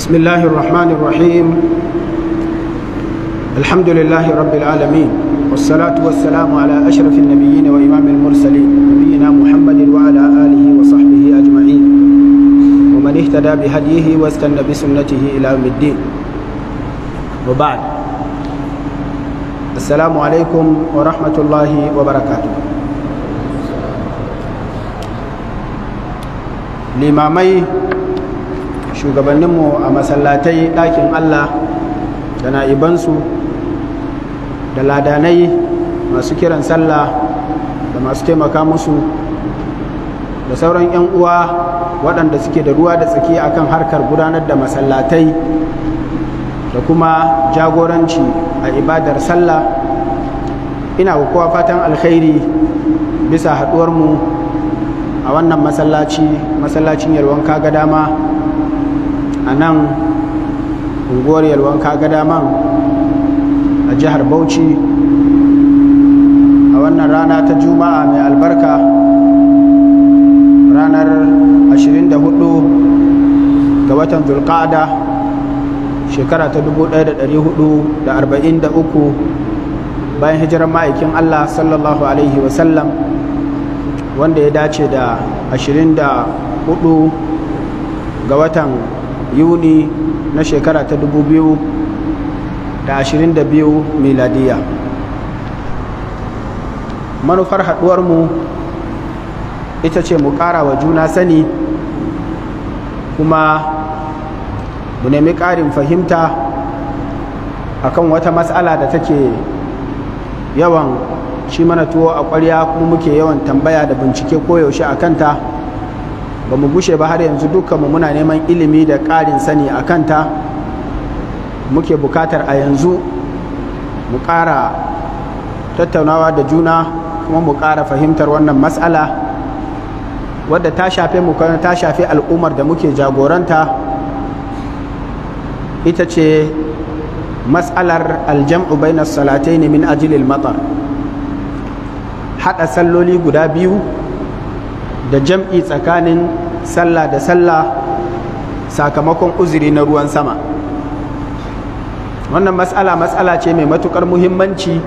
بسم الله الرحمن الرحيم الحمد لله رب العالمين والصلاة والسلام على أشرف النبيين وإمام المرسلين نبينا محمد وعلى آله وصحبه أجمعين ومن اهتدى بهديه واستنى بسنته إلى يوم الدين وبعد السلام عليكم ورحمة الله وبركاته لإمامي shugabanninmu a masallatai ɗakin allah da na'ibansu da ladanai masu kiran sallah da masu taimaka musu da sauran 'yan uwa waɗanda suke da ruwa da tsaki akan harkar gudanar da masallatai da kuma jagoranci a ibadar sallah ina kowa fatan alkhairi bisa haɗuwarmu a wannan masallaci masallacin yalwanka ga dama a nan unguwar yalwan kaga daman a jihar bauchi a wannan rana ta juma'a mai albarka ranar 24 ga watan zulqa'ada shekara ta 1443 bayan hijirar ma'aikin Allah sallallahu Alaihi wasallam wanda ya dace da 24 ga watan yuni na shekara ta 2022 miladiya manufar haɗuwarmu ita ce mu ƙara wa juna sani kuma mu nemi ƙarin fahimta akan wata matsala da take yawan shi mana tuwo a ƙwarya kuma muke yawan tambaya da bincike koyaushe a kanta ba mu gushe ba har yanzu dukkanmu muna neman ilimi da ƙarin sani a kanta muke bukatar a yanzu mu ƙara tattaunawa da juna kuma mu ƙara fahimtar wannan matsala wadda ta shafe mu ta shafe al'ummar da muke jagoranta ita ce matsalar aljam'u baina salatai ne min ajilil matar haɗa salloli guda biyu da jam'i tsakanin sallah da sallah sakamakon uzuri na ruwan sama wannan matsala matsala ce mai matukar muhimmanci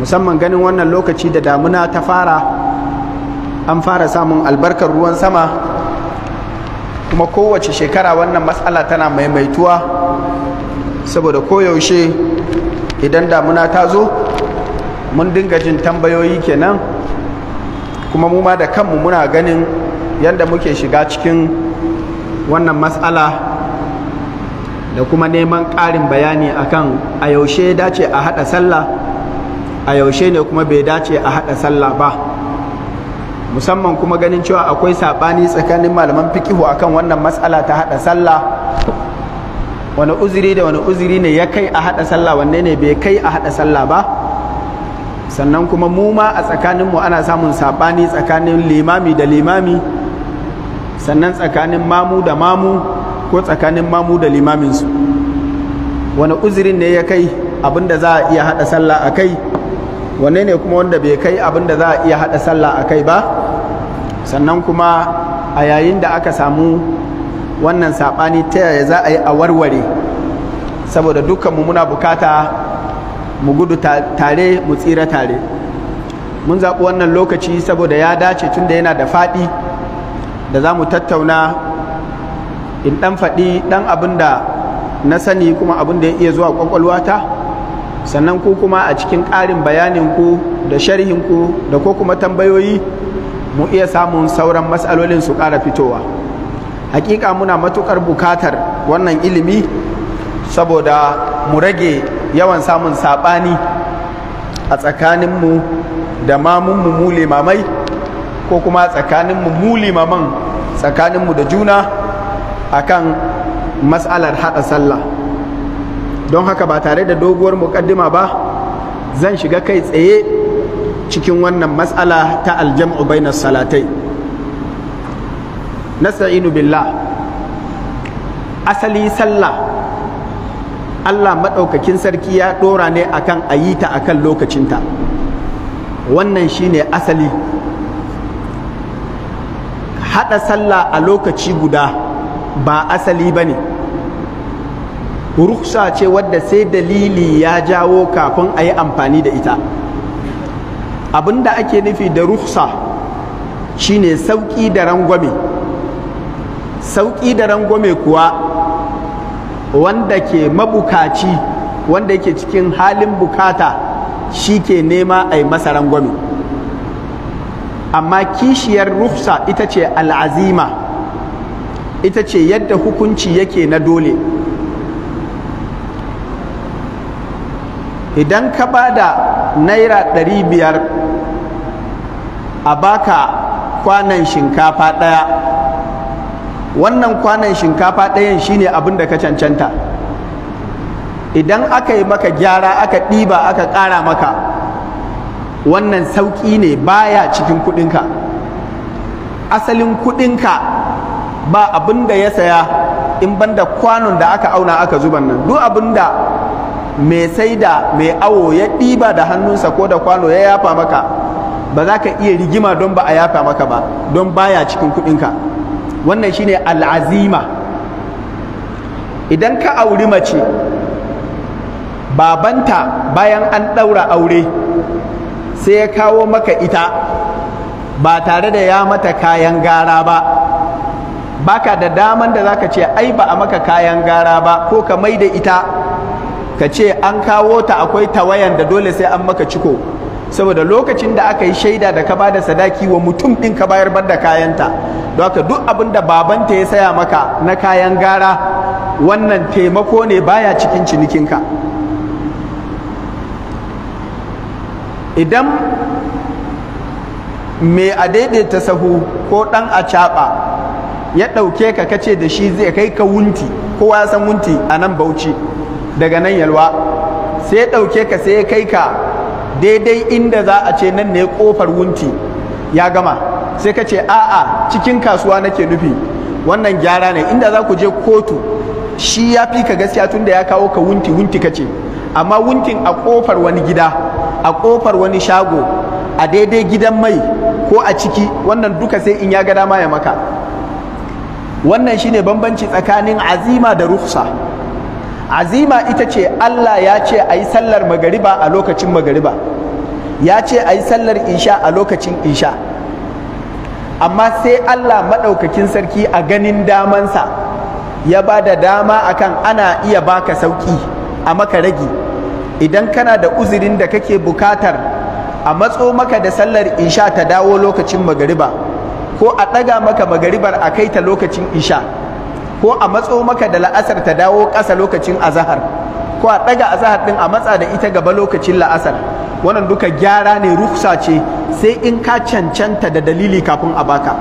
musamman ganin wannan lokaci da damuna ta fara an fara samun albarkar ruwan sama kuma kowace shekara wannan matsala tana maimaituwa saboda koyaushe idan damuna ta zo mun dinga jin tambayoyi kenan kuma mu ma da kanmu muna ganin yadda muke shiga cikin wannan matsala da kuma neman ƙarin bayani akan a yaushe dace a haɗa sallah a yaushe ne kuma bai dace a haɗa sallah ba musamman kuma ganin cewa akwai saɓani tsakanin malaman fikihu akan wannan matsala ta haɗa sallah wani uzuri da wani uzuri ne ya kai a haɗa sallah wanne ne bai kai a haɗa sallah ba sannan kuma mu ma a tsakaninmu ana samun saɓani tsakanin limami da limami sannan tsakanin mamu da mamu ko tsakanin mamu da limaminsu wani uzurin ne ya kai abin da za a iya haɗa sallah a kai wane ne kuma wanda bai kai abin da za a iya haɗa sallah a kai ba sannan kuma a yayin da aka samu wannan saɓani ta yaya za a yi a warware saboda dukkanmu muna bukata mu gudu tare mu tsira tare mun zaɓi wannan lokaci saboda ya dace tunda yana da faɗi da za mu tattauna in ɗan faɗi ɗan abin da na sani kuma abin da ya iya zuwa ƙwaƙwalwata sannan ku kuma a cikin ƙarin bayanin ku da sharhin ku da ko kuma tambayoyi mu iya samun sauran matsalolin su ƙara fitowa hakika muna matuƙar bukatar wannan ilimi saboda mu rage yawan samun saɓani a tsakaninmu da mamun mu mamai, ko kuma tsakaninmu mu maman tsakaninmu da juna akan matsalar haɗa sallah don haka ba tare da doguwar muƙaddima ba zan shiga kai tsaye cikin wannan matsala ta aljam'u bainar salatai nasta'inu billah asali sallah Allah maɗaukakin sarki ya ɗora ne akan ayita ta akan lokacinta wannan shine asali haɗa sallah a lokaci guda ba asali ba ne ruksa ce wadda sai dalili ya jawo kafin a yi amfani da ita abinda ake nufi da ruksa shine sauƙi da rangwame sauƙi da rangwame kuwa wanda ke mabukaci wanda yake cikin halin bukata shi ke nema a yi masa rangwame amma kishiyar rufsa ita ce al'azima ita ce yadda hukunci yake na dole idan ka ba da naira ɗari biyar a baka kwanan shinkafa ɗaya wannan kwanan shinkafa ɗayan shine abin da ka cancanta idan aka yi maka gyara aka ɗiba aka ƙara maka wannan sauƙi ne baya cikin kuɗinka asalin kuɗinka ba abin da ya saya in banda kwanon da aka auna aka zuba nan duk abin da mai sai da mai awo ya ɗiba da hannunsa ko da kwano ya yafa maka ba za ka iya rigima don ba a yafa maka ba don baya cikin kuɗinka wannan shine al'azima idan ka auri mace babanta bayan an ɗaura aure sai ya kawo maka ita ba tare da ya mata kayan gara ba baka da daman da zaka ce ai ba a maka kayan gara ba ko ka mai da ita ka ce an kawo ta akwai tawayan da dole sai an maka ciko saboda lokacin da aka yi shaida da ka ba da sadaki wa mutum din ka bayar da kayanta don haka duk abin da babanta ya saya maka na kayan gara wannan taimako ne baya cikin cinikinka idan mai a daidaita sahu ko ɗan a caɓa ya ɗauke ka kace da shi zai kai ka wunti kowa ya san wunti a nan bauchi daga nan yalwa sai ya ɗauke ka sai ya kai ka daidai inda za a ce nan ne ƙofar wunti ya gama sai ka ce a'a cikin kasuwa nake nufi wannan gyara ne inda za ku je kotu shi ya fi ka gaskiya tun da ya kawo ka wunti wunti ka ce amma wuntin a kofar wani gida a kofar wani shago a daidai gidan mai ko a ciki wannan duka sai in ya ga dama ya maka wannan shine bambanci tsakanin azima da rufsa azima ita ce Allah ya ce a yi sallar magariba a lokacin magariba ya ce a yi sallar insha a lokacin insha, amma sai Allah maɗaukakin sarki a ganin damansa ya ba da dama akan ana iya baka sauƙi a maka ragi idan kana da uzurin da kake bukatar a matso maka da sallar isha ta dawo lokacin magariba ko a ɗaga maka magaribar a kai ta lokacin isha ko a matso maka da la'asar ta dawo ƙasa lokacin azahar ko a ɗaga azahar ɗin a matsa da ita gaba lokacin la'asar wannan duka gyara ne ruksa ce sai in ka cancanta da dalili kafin a baka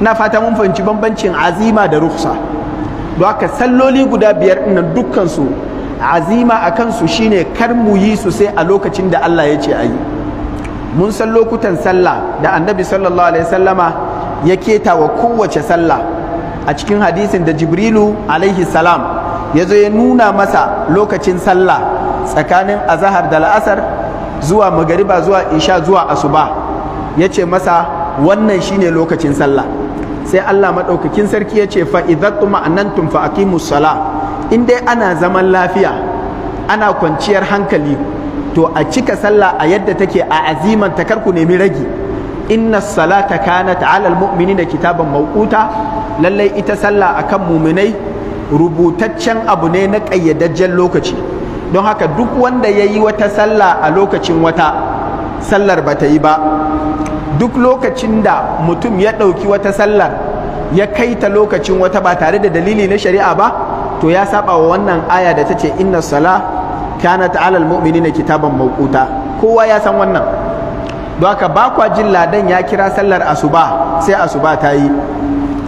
na fata mun fahimci bambancin azima da rufsa don haka salloli guda biyar ɗin dukkansu azima a kansu shine kar mu yi su sai a lokacin da Allah ya ce a yi mun san lokutan sallah da annabi sallallahu alaihi sallama ya keta wa kowace sallah a cikin hadisin da jibrilu alaihi salam ya zo ya nuna masa lokacin sallah tsakanin azahar da la'asar zuwa magariba zuwa isha zuwa asuba ya ce masa wannan shine lokacin sallah sai Allah maɗaukakin sarki ya ce fa'idattu ma'anantum fa aqimus salah in dai ana zaman lafiya ana kwanciyar hankali to a cika sallah a yadda take a aziman takar ku nemi ragi inna salata kanat ala almu'minina kitaban mawquta lallai ita sallah akan muminai rubutaccen abu ne na ƙayyadajjen lokaci don haka duk wanda ya yi wata sallah a lokacin wata sallar ba ta yi ba duk lokacin da mutum ya ɗauki wata sallar ya kai ta lokacin wata ba tare da dalili na shari'a ba to ya saba wa wannan aya da ta ce inna sala kana ta'ala na kitaban mawquta kowa ya san wannan don haka ba kwa jin ladan ya kira sallar asuba sai asuba ta yi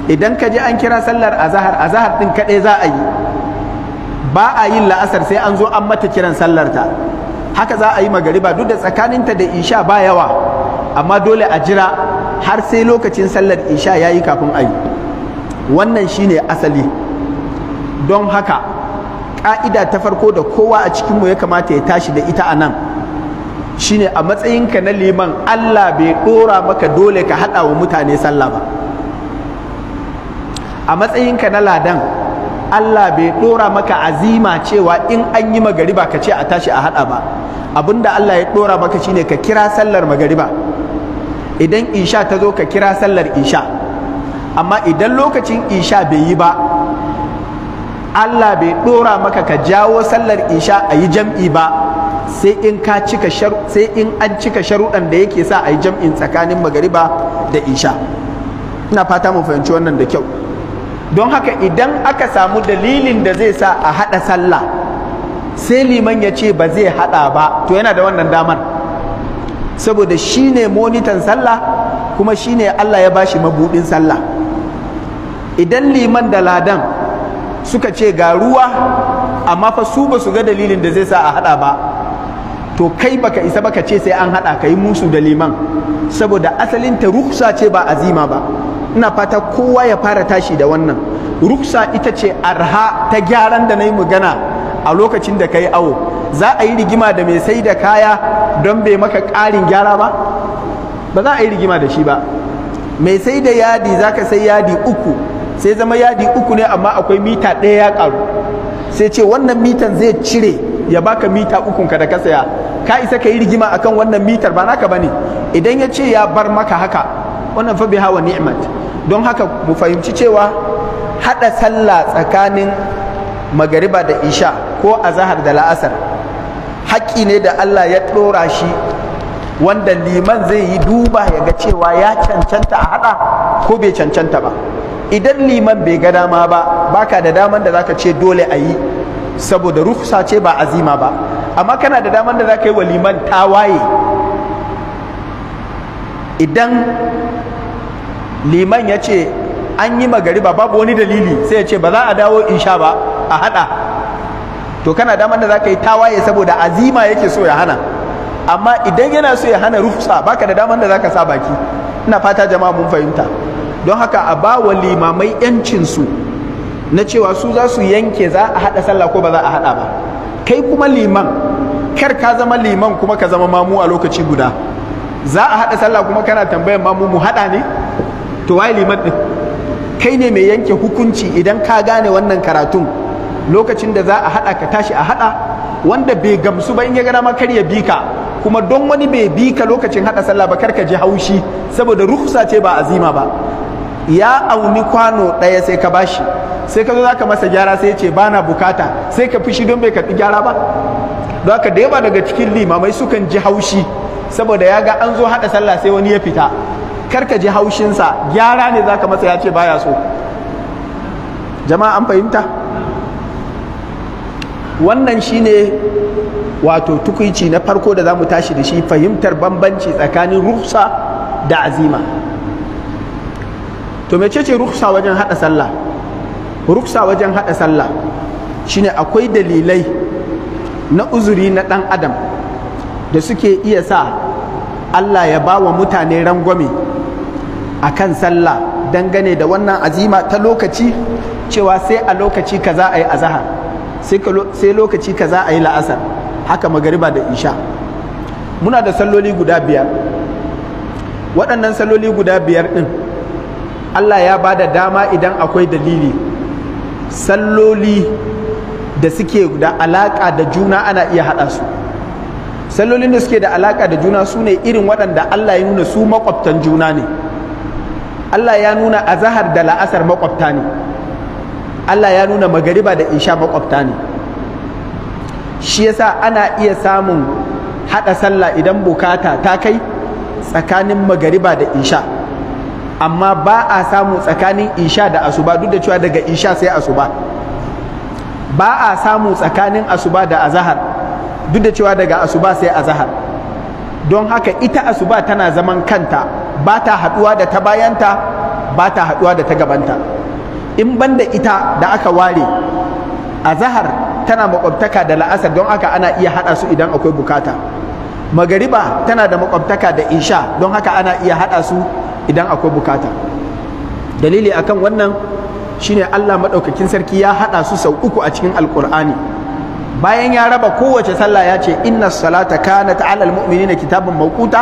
idan ka ji an kira sallar azahar azahar din kaɗai za a yi ba a yin la'asar sai an zo an mata kiran sallar ta haka za a yi magariba duk da tsakaninta da isha ba yawa amma dole a jira har sai lokacin sallar isha ya yi kafin a yi wannan shine asali don haka ƙa'ida ta farko da kowa a cikinmu ya kamata ya tashi da ita a nan shine a matsayinka na liman Allah bai ɗora maka dole ka haɗa wa mutane sallah ba a matsayinka na ladan Allah bai ɗora maka azima cewa in an yi magariba ka ce a tashi a haɗa ba abinda Allah ya ɗora maka shine ka kira sallar magariba idan isha ta zo ka kira sallar isha amma idan lokacin isha bai yi ba Allah bai ɗora maka ka jawo sallar isha a yi jam'i ba sai in ka cika sai in an cika sharuɗan da yake sa a yi jam'in tsakanin magariba da isha ina fata mu fahimci wannan da kyau don haka idan aka samu dalilin da zai sa a haɗa sallah sai liman ya ce ba zai haɗa ba to yana da wannan damar saboda shi ne monitan sallah kuma shi ne Allah ya bashi mabuɗin sallah idan liman da ladan suka ce ga ruwa amma fa su ba su ga dalilin da zai sa a hada ba to kai baka isa baka ce sai an hada kai musu da liman saboda asalin ta ruksa ce ba azima ba ina fata kowa ya fara tashi da wannan ruksa ita ce arha ta gyaran da na yi magana a lokacin da ka yi awo za a yi rigima da mai sai da kaya don bai maka ƙarin gyara ba ba za a yi rigima da shi ba mai sai da yadi za ka sai yadi uku sai zama yadi uku ne amma akwai mita ɗaya ya karu sai ce wannan mitan zai cire ya baka mita ukun ka da ka saya ka isa ka yi rigima akan wannan mitar ba naka bane idan ya ce ya bar maka haka wannan fa biha wa ni'mat don haka mu fahimci cewa hada sallah tsakanin magariba da isha ko zahar da la'asar haƙƙi ne da Allah ya ɗora shi wanda liman zai yi duba ya ga cewa ya cancanta a haɗa ko bai cancanta ba idan liman bai ga dama ba baka da daman da zaka ce dole a yi saboda rufusa ce ba azima ba amma kana da daman da zaka yi wa liman tawaye idan liman ya ce an yi magariba babu wani dalili sai ya ce ba za a dawo in sha ba a hada to kana daman da zaka yi tawaye saboda azima yake so ya hana amma idan yana so ya hana rufusa baka da daman da zaka sa baki ina fata jama'a mun fahimta don haka a ba wa limamai yancinsu na cewa su za su yanke za a haɗa sallah ko ba za a haɗa ba kai kuma liman kar ka zama liman kuma ka zama mamu a lokaci guda za a haɗa sallah kuma kana tambayan mamu mu haɗa ne to waye liman ɗin kai ne mai yanke hukunci idan ka gane wannan karatun lokacin da za a haɗa ka tashi a haɗa wanda bai gamsu ba in ya gana makar ya bika kuma don wani bai bi ka lokacin haɗa sallah ba kar ka ji haushi saboda ruhsa ce ba azima ba ya auni kwano ɗaya sai ka bashi sai ka zo za ka masa gyara sai ya ce ba na bukata sai ka fushi don bai karɓi gyara ba don haka da yawa daga cikin limamai sukan ji haushi saboda ya ga an zo haɗa sallah sai wani ya fita kar ka ji haushinsa gyara ne za ka masa ya ce baya so jama'a an fahimta wannan shine wato tukuici na farko da za mu tashi da shi fahimtar bambanci tsakanin rufsa da azima to mecece ruksa wajen hada sallah ruksa wajen hada sallah shine akwai dalilai na uzuri na dan adam da suke iya sa Allah ya ba wa mutane rangwame a kan sallah dangane da wannan azima ta lokaci cewa sai a lokaci za a yi azahar sai lokaci za a yi la'asar haka magariba da isha muna da salloli guda biyar waɗannan salloli guda biyar ɗin Allah ya ba da dama idan akwai dalili salloli da suke da alaƙa da juna ana iya haɗa su sallolin da suke da alaƙa da juna su ne irin waɗanda Allah ya nuna su maƙwabtan juna ne Allah ya nuna azahar da la'asar maƙwabta ne Allah ya nuna magariba da isha maƙwabta ne shi yasa ana iya samun haɗa sallah idan bukata ta kai tsakanin magariba da isha amma ba a samu tsakanin isha da asuba duk da cewa daga isha sai asuba ba a samu tsakanin asuba da azahar duk da cewa daga asuba sai azahar don haka ita asuba tana zaman kanta ba ta haɗuwa da ta bayanta ba ta haɗuwa da ta gabanta in banda ita da aka ware azahar tana makwabtaka da la'asar don haka ana iya haɗa su idan akwai bukata magariba tana da makwabtaka da isha don haka ana iya haɗa su idan akwai bukata dalili akan wannan shine Allah maɗaukakin sarki ya haɗa su sau uku a cikin alkur'ani bayan ya raba kowace sallah ya ce inna salata kanat ala almu'minina kitaban mawquta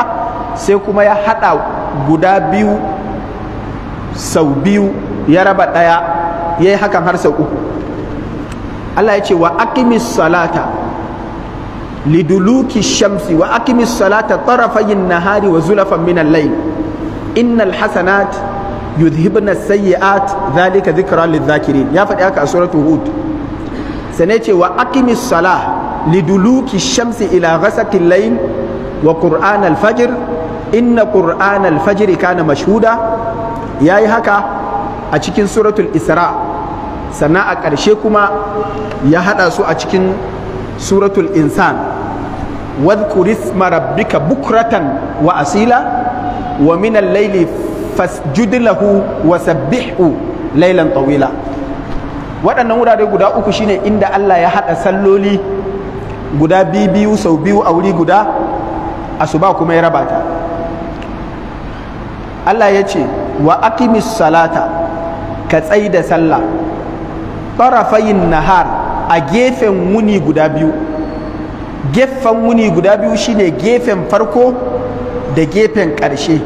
sai kuma ya haɗa guda biyu sau biyu ya raba ɗaya ya hakan har sau uku Allah ya ce wa aqimis salata liduluki shamsi wa aqimis salata tarafayin nahari wa zulafan minan layl innal hasanat yudhibna sayyi'at zalika dhikra lidh-dhakirin ya faɗi haka a suratul hud sane ce wa aqimis salah liduluki shamsi ila ghasaqil layl wa qur'an al-fajr inna qur'an al-fajr kana mashhuda yayi haka a cikin suratul isra sannan a ƙarshe kuma ya haɗa su a cikin suratul insan wadhkur isma rabbika bukratan wa asila wa minan laili layli wa sabbihhu lailan tawila waɗannan wurare guda uku shine inda Allah ya haɗa salloli guda biyu sau biyu a wuri guda ba kuma ya raba ta Allah ya ce wa aqimis salata ka tsayi da sallah tarafayin nahar a gefen wuni guda biyu gefen wuni guda biyu shine gefen farko da gefen ƙarshe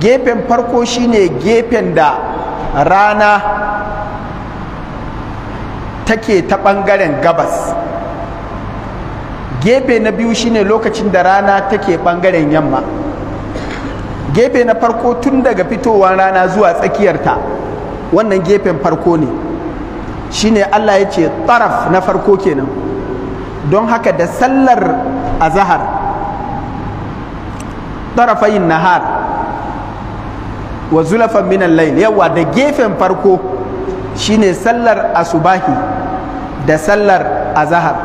gefen farko shine gefen da rana take ta ɓangaren gabas gefe na biyu shine lokacin da rana take ɓangaren yamma gefe na farko tun daga fitowar rana zuwa tsakiyarta wannan gefen farko ne shine Allah ya ce taraf na farko kenan don haka da sallar azahar tarafayin nahar wa zulafan minan lail yawa da gefen farko shine sallar asubahi da sallar azahar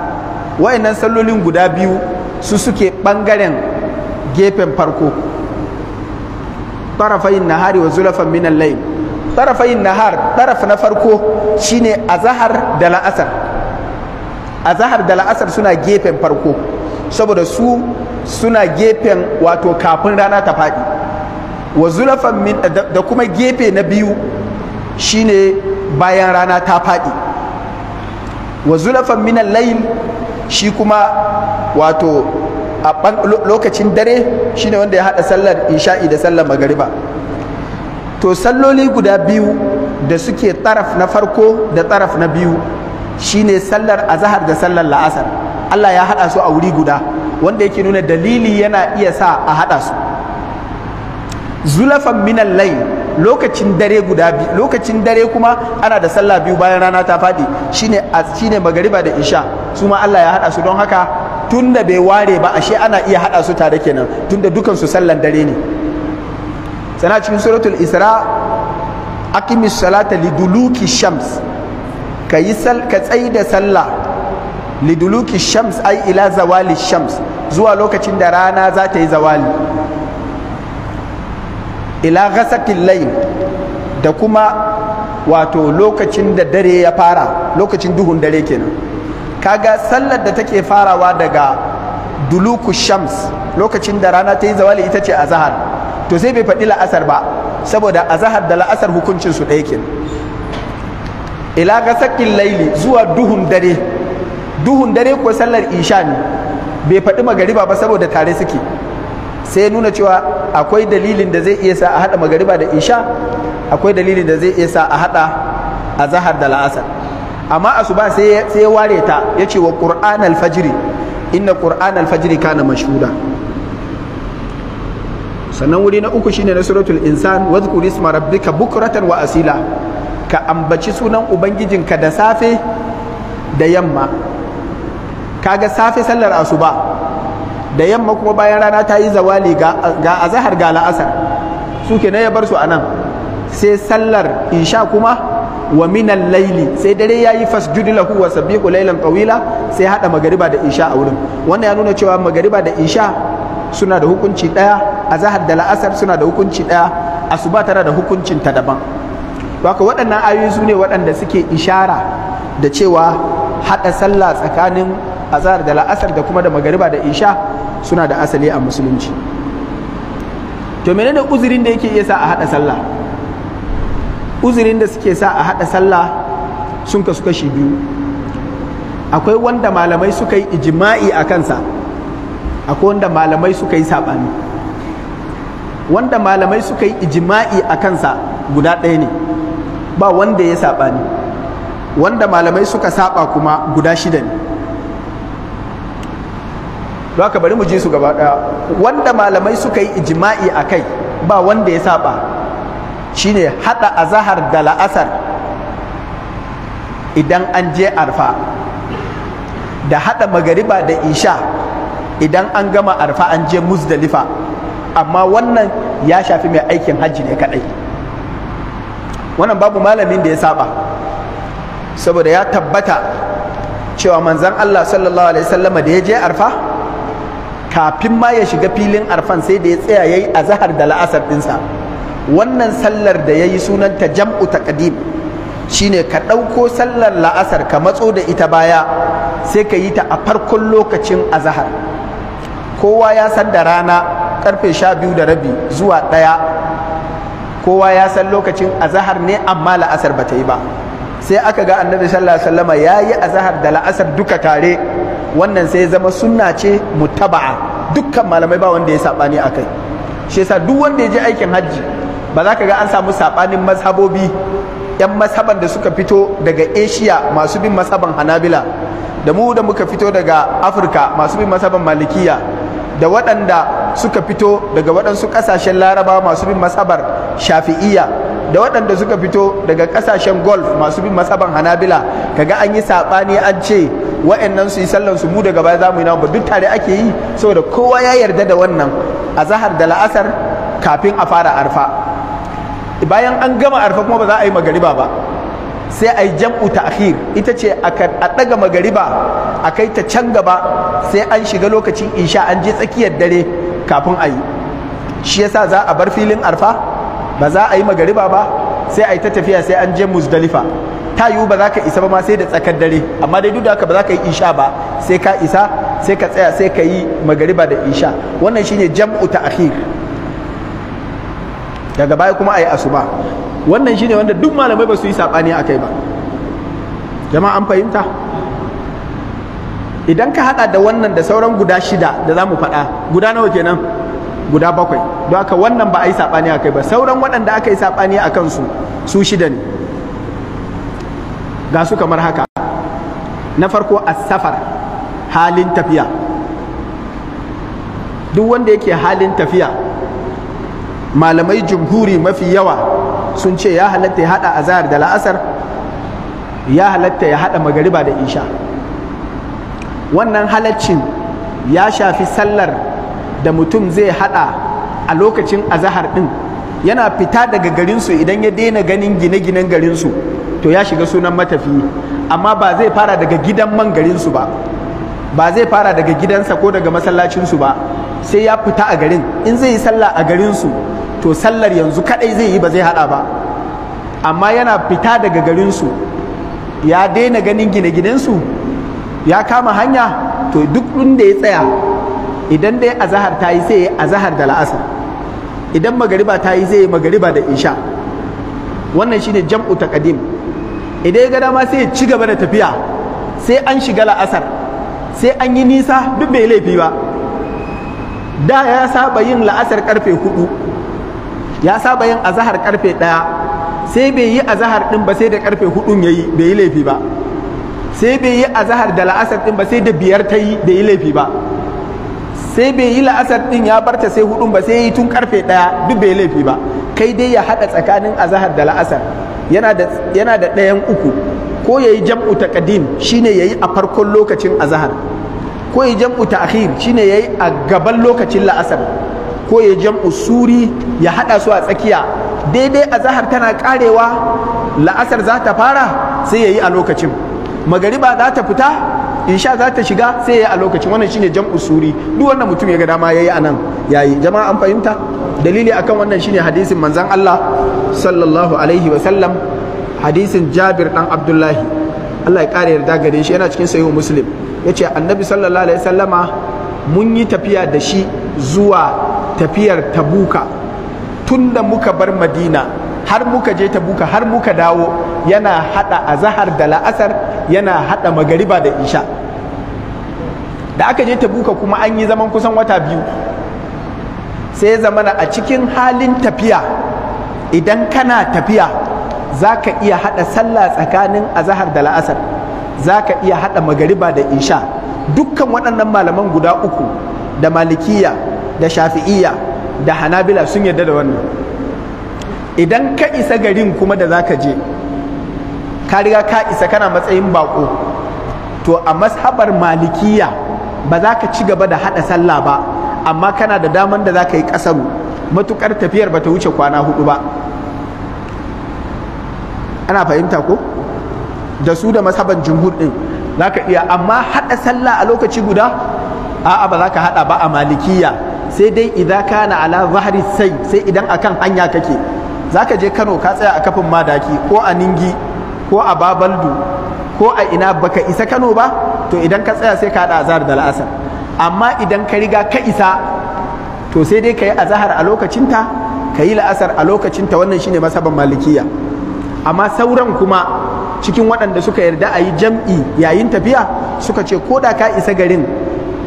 wa'annan sallolin guda biyu su suke bangaren gefen farko tarafayin nahari wa zulafan minan lail tarafayin nahar taraf na farko shine azahar da la'asar azahar da la'asar suna gefen farko saboda su suna gefen wato kafin rana ta faɗi wa zulafan min da kuma gefe na biyu shine bayan rana ta faɗi wa zulafan min shi kuma wato a lokacin dare shine wanda ya haɗa sallar isha'i da sallar magariba to salloli guda biyu da suke taraf na farko da taraf na biyu shine sallar azahar da sallar la'asar Allah ya haɗa su a wuri guda wanda yake nuna dalili yana iya sa a haɗa su zulafan minan lai lokacin dare guda biyu lokacin dare kuma ana da sallah biyu bayan rana ta faɗi shine shine magariba da isha su ma Allah ya haɗa su don haka tunda bai ware ba ashe ana iya haɗa su tare kenan tunda dukan su sallan dare ne sana cikin suratul isra aqimis salata liduluki shams kayi sal ka tsaida sallah liduluki shams ai ila zawali shams zuwa lokacin da rana za ta yi zawali ila ghasaqil layl da kuma wato lokacin da dare ya fara lokacin duhun dare kenan kaga sallar da take farawa daga duluku shams lokacin da rana ta yi zawali ita ce azahar to sai bai faɗi la'asar ba saboda azahar da la'asar hukuncin su ɗaya kenan ila ghasaqil layli zuwa duhun dare duhun dare ko sallar isha ne bai faɗi magariba ba saboda tare suke sai nuna cewa akwai dalilin da zai iya sa a haɗa magariba da isha akwai dalilin da zai iya sa a haɗa a zahar da la'asar amma asuba sai ya ware ta ya ce wa ƙur'an alfajiri inna ƙur'an alfajiri kana mashuda sannan wuri na uku shine na suratul insan wadhkur isma ka bukratan wa asila ka ambaci sunan ubangijinka da safe da yamma kaga safe sallar asuba da yamma kuma bayan rana ta yi zawali ga azahar ga la'asar su ke ya bar su a nan sai sallar insha kuma wa minan laili sai dare ya yi fasjudu lahu wa sabbihu lailan tawila sai hada magariba da insha a wurin wannan ya nuna cewa magariba da insha suna da hukunci daya azahar da la'asar suna da hukunci daya asuba tana da hukuncin ta daban haka waɗannan ayoyi su ne waɗanda suke ishara da cewa haɗa sallah tsakanin azhar da la'asar da kuma da magariba da isha suna da asali a musulunci to menene uzurin da yake iya sa a hada sallah uzurin da suke sa a hada sallah sun kasu kashi biyu akwai wanda malamai suka yi ijima'i a kansa akwai wanda malamai suka yi saɓani wanda malamai suka yi ijima'i a kansa guda ɗaya ne ba wanda ya saɓani wanda malamai suka saɓa kuma guda shida ne don haka bari mu je su gaba daya wanda malamai suka yi ijma'i a kai ba wanda ya saba shine hada azahar da la'asar idan an je arfa da hada magariba da isha idan an gama arfa an je muzdalifa amma wannan ya shafi mai aikin hajji ne kadai wannan babu malamin da ya saba saboda ya tabbata cewa manzan Allah sallallahu alaihi wasallama da ya je arfa kafin ma ya shiga filin arfan sai da ya tsaya yayi azhar da la'asar dinsa wannan sallar da yayi sunan ta jam'u taqdim shine ka ɗauko sallar la'asar ka matso da ita baya sai ka yi ta a farkon lokacin azahar kowa ya san da rana karfe sha da rabi zuwa ɗaya kowa ya san lokacin azahar ne amma la'asar ba ta yi ba sai aka ga annabi sallallahu alaihi wasallama ya yi azahar da la'asar duka tare wannan sai zama sunna ce mutaba'a dukkan malamai ba wanda ya sabani akai shi yasa duk wanda ya je aikin hajji ba za ka ga an samu sabanin mazhabobi yan mazhaban da suka fito daga Asia masu bin mazhaban Hanabila da mu da muka fito daga Afirka masu bin mazhaban Malikiya da waɗanda suka fito daga waɗansu ƙasashen Laraba masu bin mazhabar Shafi'iyya da waɗanda suka fito daga ƙasashen Golf masu bin mazhaban Hanabila kaga an yi saɓani an ce wa'annan su yi sallan su mu daga baya za mu yi namu duk tare ake yi saboda kowa ya yarda da wannan a zahar da la'asar kafin a fara arfa bayan an gama arfa kuma ba za a yi magariba ba sai a yi jam'u akhir ita ce a ɗaga magariba a kai ta can gaba sai an shiga lokacin insha an je tsakiyar dare kafin a yi shi yasa za a bar filin arfa ba za a yi magariba ba sai a yi ta tafiya sai an je muzdalifa ta yiwu ba za ka isa ba ma sai da tsakar dare amma dai duk da haka ba za ka yi isha ba sai ka isa sai ka tsaya sai ka yi magariba da isha wannan shine jam'u ta akhir daga baya kuma ayi asuba wannan shine wanda duk malamai ba su yi sabani akai ba jama'a an fahimta idan ka hada da wannan da sauran guda shida da za mu faɗa guda nawa kenan guda bakwai don haka wannan ba a yi saɓani a kai ba sauran waɗanda aka yi saɓani a kansu su shida ne ga su kamar haka na farko a safar halin tafiya duk wanda yake halin tafiya malamai jumhuri mafi yawa sun ce ya halatta ya hada azahar da la'asar ya halatta ya hada magariba da isha wannan halaccin ya shafi sallar da mutum zai hada a lokacin azahar din yana fita daga garinsu idan ya daina ganin gine-ginen garinsu to ya shiga sunan matafi amma ba zai fara daga gidan man garinsu ba ba zai fara daga gidansa ko daga masallacinsu ba sai ya fita a garin in zai yi sallah a garinsu to sallar yanzu kadai zai yi ba zai hada ba amma yana fita daga garinsu ya daina ganin gine-ginensu ya kama hanya to duk inda ya tsaya idan dai azahar ta yi sai azahar da la'asar idan magariba ta yi zai magariba da isha wannan shine jam'u taqdim idan ya ga dama sai ya ci gaba da tafiya sai an shiga la'asar sai an yi nisa duk bai laifi ba da ya saba yin la'asar karfe hudu ya saba yin azahar karfe daya sai bai yi azahar din ba sai da karfe hudun ya yi bai yi laifi ba sai bai yi azahar da la'asar din ba sai da biyar ta yi bai yi laifi ba sai bai yi la'asar din ya barta sai hudun ba sai yi tun karfe daya duk bai laifi ba kai dai ya haɗa tsakanin azahar da la'asar yana da ɗayan uku ko ya yi jam'u ta ne shine yi a farkon lokacin zahar. ko ya yi jam'u ta ne shine yi a gaban lokacin la'asar ko ya yi jam'u suri ya haɗa su a tsakiya daidai zahar tana ƙarewa la'asar za ta fara sai ya yi a lokacin magariba za ta fita isha za ta shiga sai ya a lokacin wannan shine jam'u suri duk wannan mutum ya ga dama yayi anan yayi jama'a an fahimta dalili akan wannan shine hadisin manzon Allah sallallahu alaihi wa sallam hadisin Jabir dan Abdullahi Allah ya kare yarda gare shi yana cikin sahihu Muslim yace annabi sallallahu alaihi wasallama mun yi tafiya da shi zuwa tafiyar Tabuka tunda muka bar Madina har muka je Tabuka har muka dawo yana hada azahar da la'asar yana hada magariba da isha da aka je tabuka kuma an yi zaman kusan wata biyu sai zamana a cikin halin tafiya idan kana tafiya za ka iya hada sallah tsakanin azahar da la'asar za ka iya hada magariba da isha dukkan waɗannan malaman guda uku da malikiya da shafi'iya da hanabila sun yarda da wannan idan ka isa garin kuma da za ka je ka riga ka isa kana matsayin bako to a mashabar malikiya ba za ka ci gaba da haɗa sallah ba amma kana da daman da za ka yi ƙasaru matuƙar tafiyar ba ta wuce kwana hudu ba ana fahimta ko da su da mashabar jumhur ɗin za ka iya amma haɗa sallah a lokaci guda a'a ba za ka haɗa ba a malikiya sai dai idan kana ala zahari sai sai idan akan hanya kake za ka je kano ka tsaya a kafin madaki ko a ningi ko a babaldu ko a ina baka isa kano ba to idan ka tsaya sai ka hada azahar da la'asar amma idan ka riga ka isa to sai dai ka yi azahar a lokacinta ka yi la'asar a lokacinta wannan shine masaban malikiya amma sauran kuma cikin waɗanda suka yarda a yi jam'i yayin tafiya suka ce ko da ka isa garin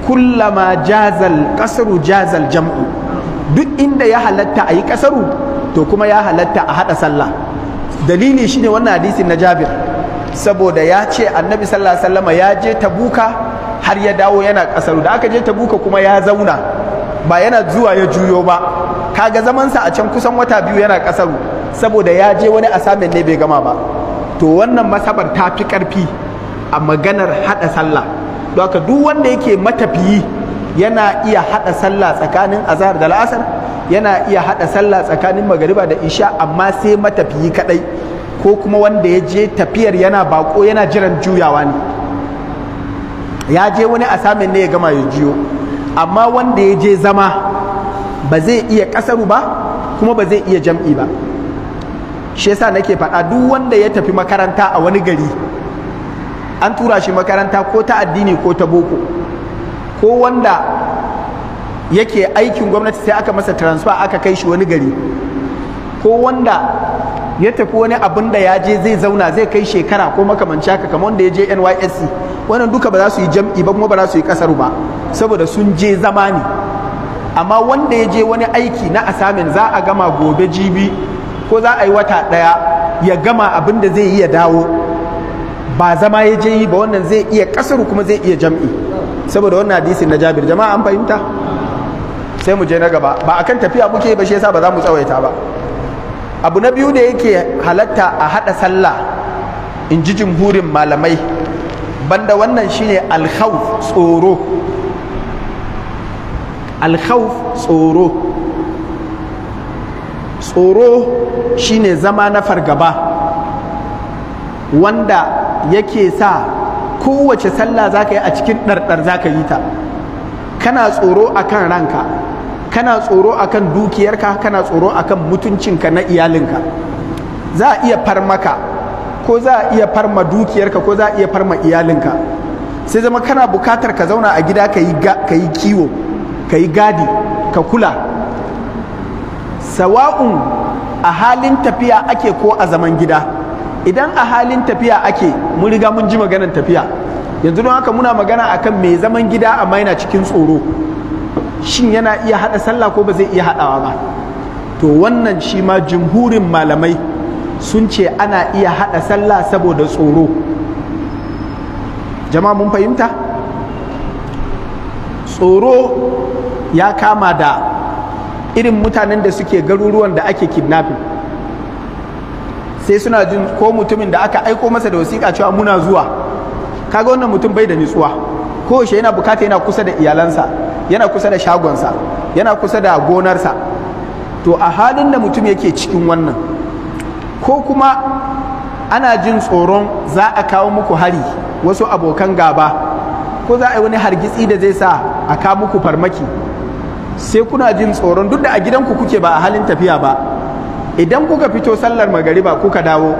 kullama jazal kasaru jazal jam'u duk inda ya halatta a yi kasaru to kuma ya halatta a haɗa sallah dalili shine wannan hadisin na Jabir saboda ya ce annabi sallallahu alaihi wasallam ya je tabuka har ya dawo yana kasaru da aka je tabuka kuma ya zauna ba yana zuwa ya juyo ba kaga zamansa a can kusan wata biyu yana kasaru saboda ya je wani asamin ne bai gama ba to wannan masabar ta fi karfi a maganar hada sallah don haka duk wanda yake matafiyi yana iya hada sallah tsakanin azhar da la'asar yana iya hada sallah tsakanin magariba da isha amma sai matafiyi kadai ko kuma wanda ya je tafiyar yana bako yana jiran juyawa ne ya je wani a asamin ne ya gama ya juyo amma wanda ya je zama ba zai iya kasaru ba kuma ba zai iya jam'i ba shi yasa nake faɗa duk wanda ya tafi makaranta a wani gari an tura shi makaranta ko ta addini ko ta boko ko wanda yake aikin gwamnati sai aka masa transfer aka kai shi wani gari ko wanda ya tafi wani abin da ya je zai zauna zai kai shekara ko makamanci haka kamar wanda ya je NYSC wannan duka ba za su yi jam'i ba kuma ba za su yi kasar ba saboda sun je zama ne amma wanda ya je wani aiki na asamin za a gama gobe jibi ko za a yi wata ɗaya ya gama abin da zai yi ya dawo ba zama ya je yi ba wannan zai iya kasar kuma zai iya jam'i saboda wannan hadisin na Jabir jama'a an fahimta sai mu je na gaba ba akan tafiya muke ba shi yasa ba za mu tsawaita ba abu na biyu da yake halatta a haɗa sallah in ji jimhurin malamai banda wannan shine alhauf tsoro alhauf tsoro tsoro shine zama na fargaba wanda yake sa kowace sallah zaka yi a cikin ɗarɗar zaka yi ta kana tsoro akan ranka kana tsoro akan dukiyarka kana tsoro akan mutuncinka na iyalinka za a iya farmaka ko za a iya farma dukiyarka ko za a iya farma iyalinka sai zama kana bukatar ka zauna a gida ka yi kiwo ka yi gadi ka kula sawa'un a halin tafiya ake ko a zaman gida idan a halin tafiya ake mun riga mun ji maganar tafiya yanzu don haka muna magana akan mai zaman gida amma yana cikin tsoro shin yana iya haɗa sallah ko ba zai iya haɗawa ba to wannan shi ma jumhurin malamai sun ce ana iya haɗa sallah saboda tsoro jama'a mun fahimta tsoro ya kama da irin mutanen da suke garuruwan da ake kidnapping sai suna jin ko mutumin da aka aiko masa da wasiƙa cewa muna zuwa kaga wannan mutum bai da nutsuwa kowace yana bukata yana kusa da iyalansa yana kusa da shagonsa yana kusa da gonarsa to a halin da mutum yake cikin wannan ko kuma ana jin tsoron za a kawo muku hari wasu abokan gaba ko za a yi wani hargitsi da zai sa a kawo muku farmaki sai kuna jin tsoron duk da a gidanku kuke ba a halin tafiya ba idan kuka fito sallar magariba kuka dawo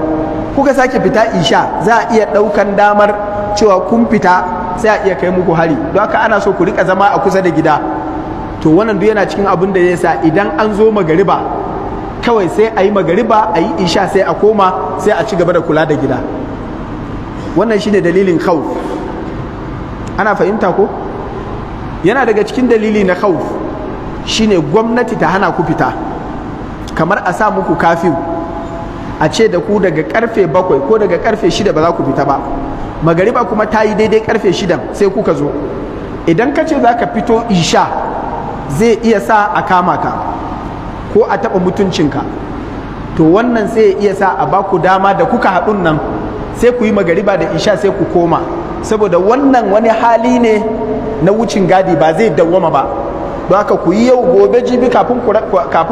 kuka sake fita isha za a iya ɗaukan damar cewa kun fita sai a iya kai muku hari don haka ana so ku rika zama a kusa da gida to wannan duk yana cikin abin da ya sa idan an zo magariba kawai sai a yi magariba a yi isha sai a koma sai a ci gaba da kula da gida wannan shine dalilin khawf ana fahimta ko yana daga cikin dalili na khawf shine gwamnati ta hana ku fita kamar a sa muku kafin a ce da ku daga karfe bakwai ko daga karfe shida ba za ku fita ba magariba kuma ta yi daidai karfe shidan sai kuka zo idan ka ce za ka fito isha zai iya sa a kama ka ko a taɓa mutuncinka to wannan sai iya sa a baku dama da kuka haɗun nan sai ku yi magariba da isha sai ku koma saboda wannan wani hali ne na wucin gadi ba zai dawwama ba don haka ku yi yau gobe jibi kafin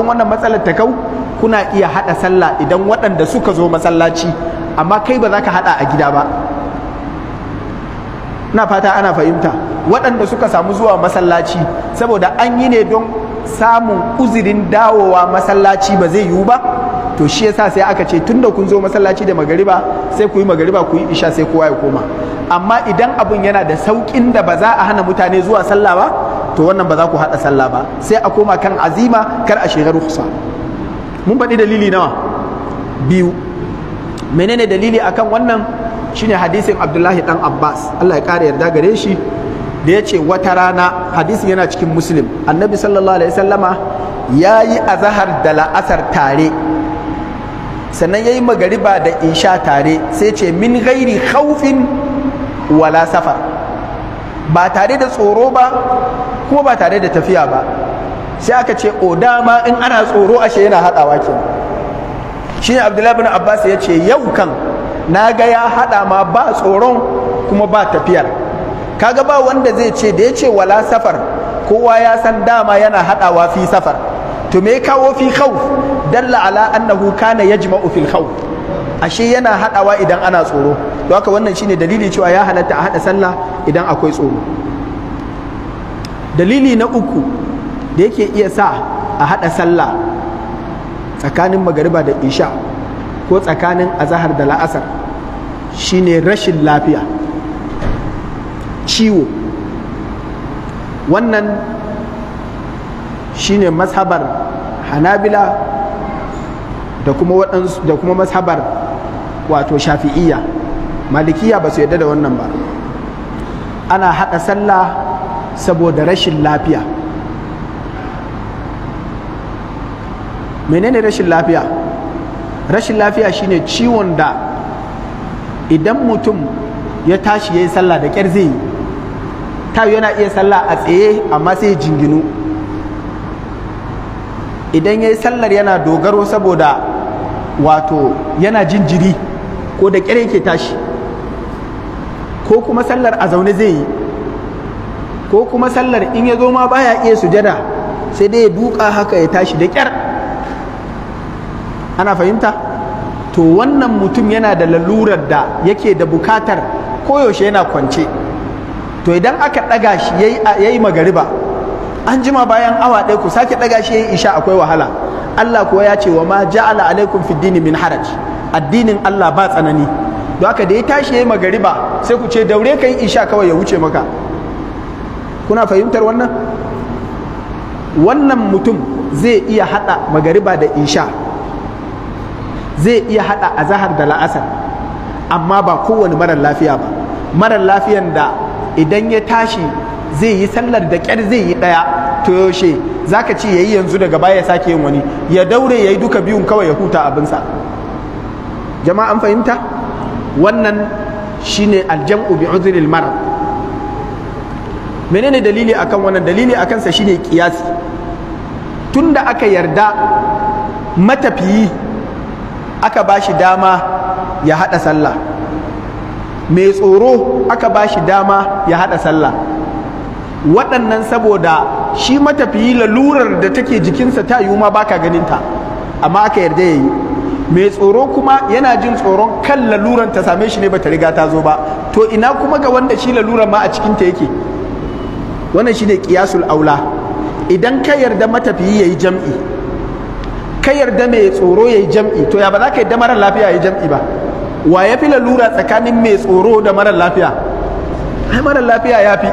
wannan matsalar ta kau kuna iya haɗa sallah idan waɗanda suka zo masallaci amma kai ba za ka haɗa a gida ba na fata ana fahimta waɗanda suka samu zuwa masallaci saboda an yi ne don samun uzirin dawowa masallaci ba zai yiwu ba to shi yasa sai aka ce tunda kun zo masallaci da magariba sai ku yi magariba ku yi isha sai kowa ya koma amma idan abun yana da saukin da ba za a hana mutane zuwa sallah ba to wannan ba za ku haɗa sallah ba sai a koma kan azima kar a shiga rukhsa mun faɗi dalili nawa biyu menene dalili akan wannan shine hadisin abdullahi dan abbas allah ya kara yarda gare shi da ya ce wata rana hadisin yana cikin muslim annabi sallallahu alaihi sallama ya yi azahar da la'asar tare sannan ya yi magariba da isha tare sai ce min gairi haufin wala safar ba tare da tsoro ba kuma ba tare da tafiya ba sai aka ce o dama in ana tsoro ashe yana haɗawa ke shi abdullahi bin abbas ya ce yau kan na ga ya haɗa ma ba tsoron kuma ba tafiyar kaga ba wanda zai ce da ya ce wala safar kowa ya san dama yana haɗawa fi safar to me kawo fi khawf dalla ala annahu kana yajma'u fil khawf ashe yana haɗawa idan ana tsoro don haka wannan shine dalili cewa ya halatta a haɗa sallah idan akwai tsoro dalili na uku da yake iya sa a haɗa sallah tsakanin magariba da isha ko tsakanin azahar da la'asar shine rashin lafiya ciwo wannan shine mazhabar hanabila da kuma waɗansu da kuma mazhabar wato shafi'iyya malikiya ba su yadda da wannan ba ana haɗa sallah saboda rashin lafiya menene rashin lafiya rashin lafiya shine ciwon da idan mutum ya tashi ya yi sallah da ƙyar zai yi ta yana iya sallah a tsaye amma sai ya jinginu idan ya yi sallar yana dogaro saboda wato yana jin jiri ko da ƙyar yake tashi ko kuma sallar a zaune zai yi ko kuma sallar in ya zo ma baya iya sujada sai dai ya duka haka ya tashi da ƙyar ana fahimta? to wannan mutum yana da lalurar da yake da bukatar koyaushe yana kwance to idan aka ɗaga shi ya yi magariba an jima bayan awa ɗaya ku sake ɗaga shi ya yi isha akwai wahala Allah kuwa ya ce wa ma ja'ala alaikum fi dini min haraj addinin Allah ba tsanani don haka da ya tashi ya yi magariba sai ku ce daure ka yi isha kawai ya wuce maka kuna fahimtar wannan wannan mutum zai iya haɗa magariba da isha zai iya hada zahar da la'asar amma ba kowane marar lafiya ba marar lafiyan da idan ya tashi zai yi sallar da ƙyar zai yi ɗaya to yaushe zaka ce yayi yanzu daga baya sake yin wani ya daure yayi duka biyun kawai ya huta abinsa jama'a an fahimta wannan shine aljam'u bi udhril mara menene dalili akan wannan dalili akan sa shine kiyasi tunda aka yarda matafiyi aka ba shi dama ya haɗa sallah mai tsoro aka ba shi dama ya haɗa sallah waɗannan saboda shi matafiyi lalurar da take jikinsa ta yiwu ma baka ganinta amma aka yarda ya yi mai tsoro kuma yana jin tsoron kan laluran ta same shi ne bata riga ta zo ba to ina kuma ga wanda shi laluran ma a cikinta yake wannan shine kiyasul aula idan ka yarda matafiyi ya yi jam'i ka yarda mai tsoro ya yi jam'i to ya ba za ka yarda marar lafiya ya yi jam'i ba wa ya fi lalura tsakanin mai tsoro da marar lafiya ai marar lafiya ya fi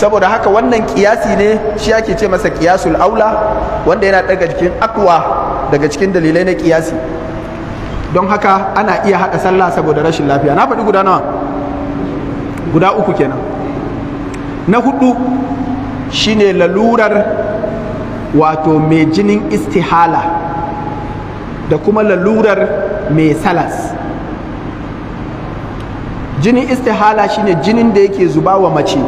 saboda haka wannan kiyasi ne shi ake ce masa kiyasul aula wanda yana daga cikin akwa daga cikin dalilai na kiyasi don haka ana iya haɗa sallah saboda rashin lafiya na faɗi guda nawa guda uku kenan na hudu shine lalurar wato mai jinin istihala da kuma lalurar mai salas jinin istihala shine jinin da yake zuba wa mace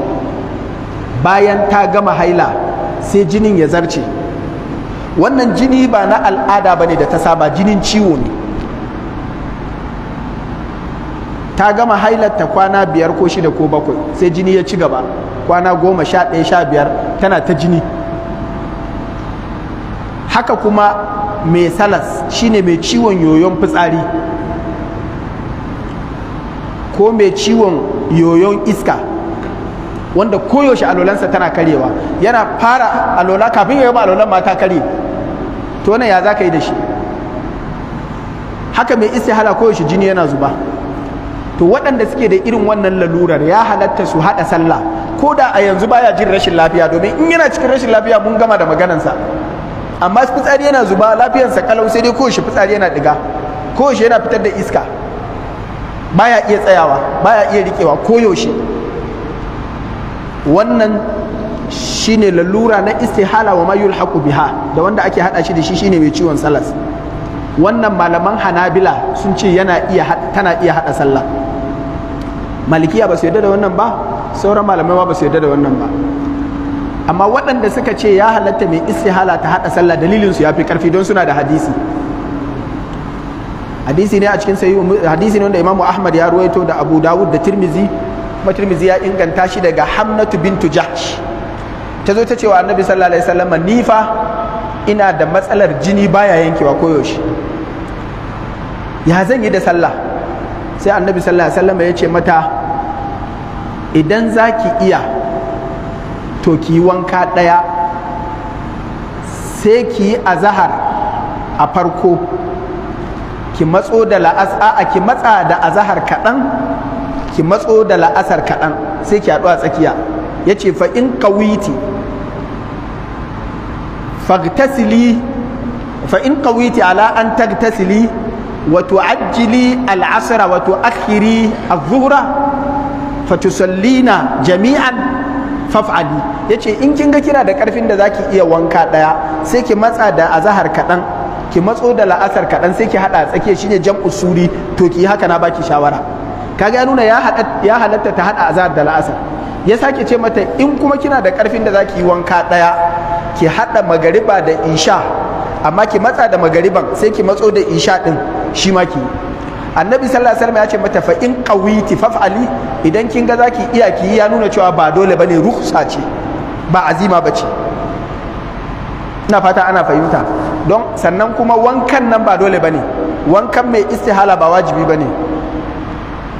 bayan ta gama haila sai jinin ya zarce wannan jini ba na al'ada ba ne da ta saba jinin ciwo ne ta gama hailar ta kwana biyar ko shida ko bakwai sai jini ya ci gaba kwana goma sha ɗaya sha biyar tana ta jini haka kuma mai salas shine mai ciwon yoyon fitsari ko mai ciwon yoyon iska wanda koyaushe alolansa tana karewa yana fara alola kafin ya yi alolan ma ta kare to ya za ka yi da shi haka mai hala koyaushe jini yana zuba to waɗanda suke da irin wannan lalurar ya halatta su haɗa sallah ko da a yanzu baya jin rashin lafiya domin in yana cikin rashin lafiya mun gama da maganansa amma fitsari yana zuba lafiyarsa kalau sai dai kowace fitsari yana diga kowace yana fitar da iska baya iya tsayawa baya iya rikewa koyaushe wannan shine lalura na istihala wa mayul haqu biha da wanda ake hada shi da shi shine mai ciwon salas wannan malaman hanabila sun ce yana iya tana iya hada sallah malikiya ba su yarda da wannan ba sauran malamai ba su yarda da wannan ba amma waɗanda suka ce ya halatta mai istihala ta haɗa sallah dalilinsu ya fi ƙarfi don suna da hadisi hadisi ne a cikin sayi hadisi ne wanda imamu ahmad ya ruwaito da abu dawud da tirmizi kuma tirmizi ya inganta shi daga hamnatu bintu jahsh ta zo ta cewa annabi sallallahu alaihi wasallam fa ina da matsalar jini baya yankewa koyaushe ya zan yi da sallah sai annabi sallallahu alaihi wasallam ya ce mata idan zaki iya to ki wanka ɗaya sai ki yi azahar a farko ki matso da la'as'a ki matsa da azahar kaɗan ki matso da la'asar kaɗan sai ki haɗu a tsakiya ya ce fa in kawiti fagtasili fa in kawiti ala an tagtasili wa tu'ajjili al'asra wa tu'akhiri adh-dhuhra fatusallina jami'an faf'ali ya ce in kin ga kina da karfin da zaki iya wanka ɗaya sai ki matsa da azahar kaɗan ki matso da la'asar kaɗan sai ki haɗa tsakiya shine jam usuri to ki haka na baki shawara kaga ya nuna ya halatta ta haɗa azahar da la'asar ya sake ce mata in kuma kina da karfin da zaki yi wanka ɗaya ki haɗa magariba da isha amma ki matsa da magariban sai ki matso da isha ɗin shi ma ki annabi sallallahu alaihi wasallam ya ce mata fa in qawiti fa'ali idan kin ga zaki iya ki ya nuna cewa ba dole bane rukhsa ce ba azima ba ce ina fata ana fahimta don sannan kuma wankan nan ba dole ba ne wankan mai istihala ba wajibi ba ne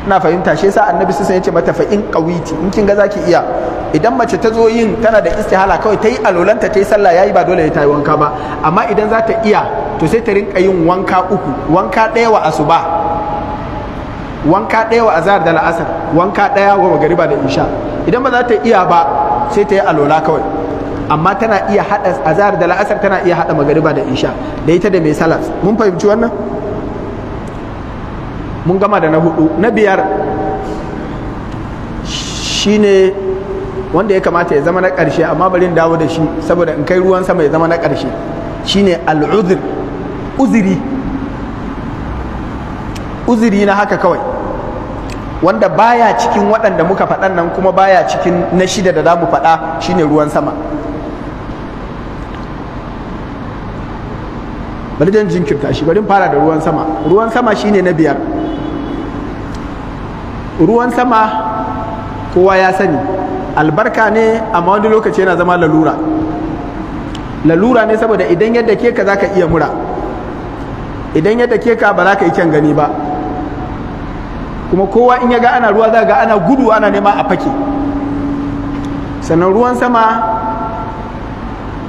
ina fahimta shi yasa annabi sun yace mata fa in qawiti in kin ga zaki iya idan mace ta zo yin tana da istihala kawai ta yi alolanta ta yi sallah yayi ba dole ta yi wanka ba amma idan za ta iya to sai ta rinka yin wanka uku wanka ɗaya wa asuba wanka ɗaya wa azhar da la'asar wanka ɗaya wa magariba da isha idan ba za ta iya ba sai ta yi alola kawai amma tana iya hada azhar da la'asar tana iya hada magariba da isha da ita da mai salas mun fahimci wannan mun gama da na hudu na biyar shine wanda ya kamata ya zama na karshe amma bari in dawo da shi saboda in kai ruwan sama ya zama na karshe shine al'uzir uziri uziri na haka kawai wanda baya cikin waɗanda muka faɗan nan kuma baya cikin na shida da za mu faɗa shine ruwan sama bari dan jinkirta shi bari fara da ruwan sama ruwan sama shine na biyar ruwan sama kowa ya sani albarka ne amma wani lokaci yana zama lalura lalura ne saboda idan yadda ke ka za ka iya mura idan yadda ke ka ba za ka yi kyan gani ba kuma kowa in ya ga ana ruwa za ga ana gudu ana nema a fake sannan ruwan sama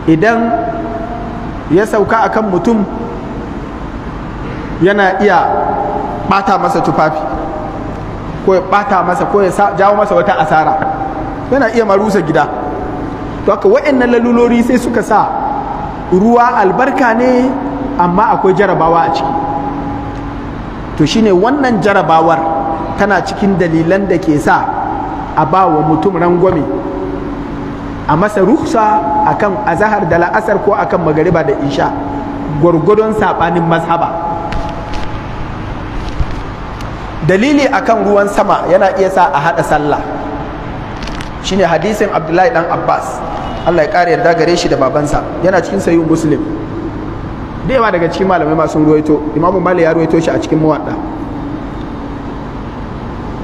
idan ya sauka akan mutum yana iya bata masa tufafi ko ya bata masa ko ya jawo masa wata asara yana iya marusa gida to haka wa'annan lalulori sai suka sa ruwa albarka ne amma akwai jarabawa a ciki to shine wannan jarabawar tana cikin dalilan da ke sa a ba wa mutum rangwame a masa ruhsa kan azahar da la'asar ko a kan magariba da isha gwargwadon saɓanin mazhaba dalili akan ruwan sama yana iya sa a haɗa sallah Shi ne hadisin abdullahi dan abbas allah ya ƙara yarda gare shi da babansa yana cikin sayu muslim da yawa daga cikin malamai masu ruwaito imamu mali ya ruwaito shi a cikin mawaɗa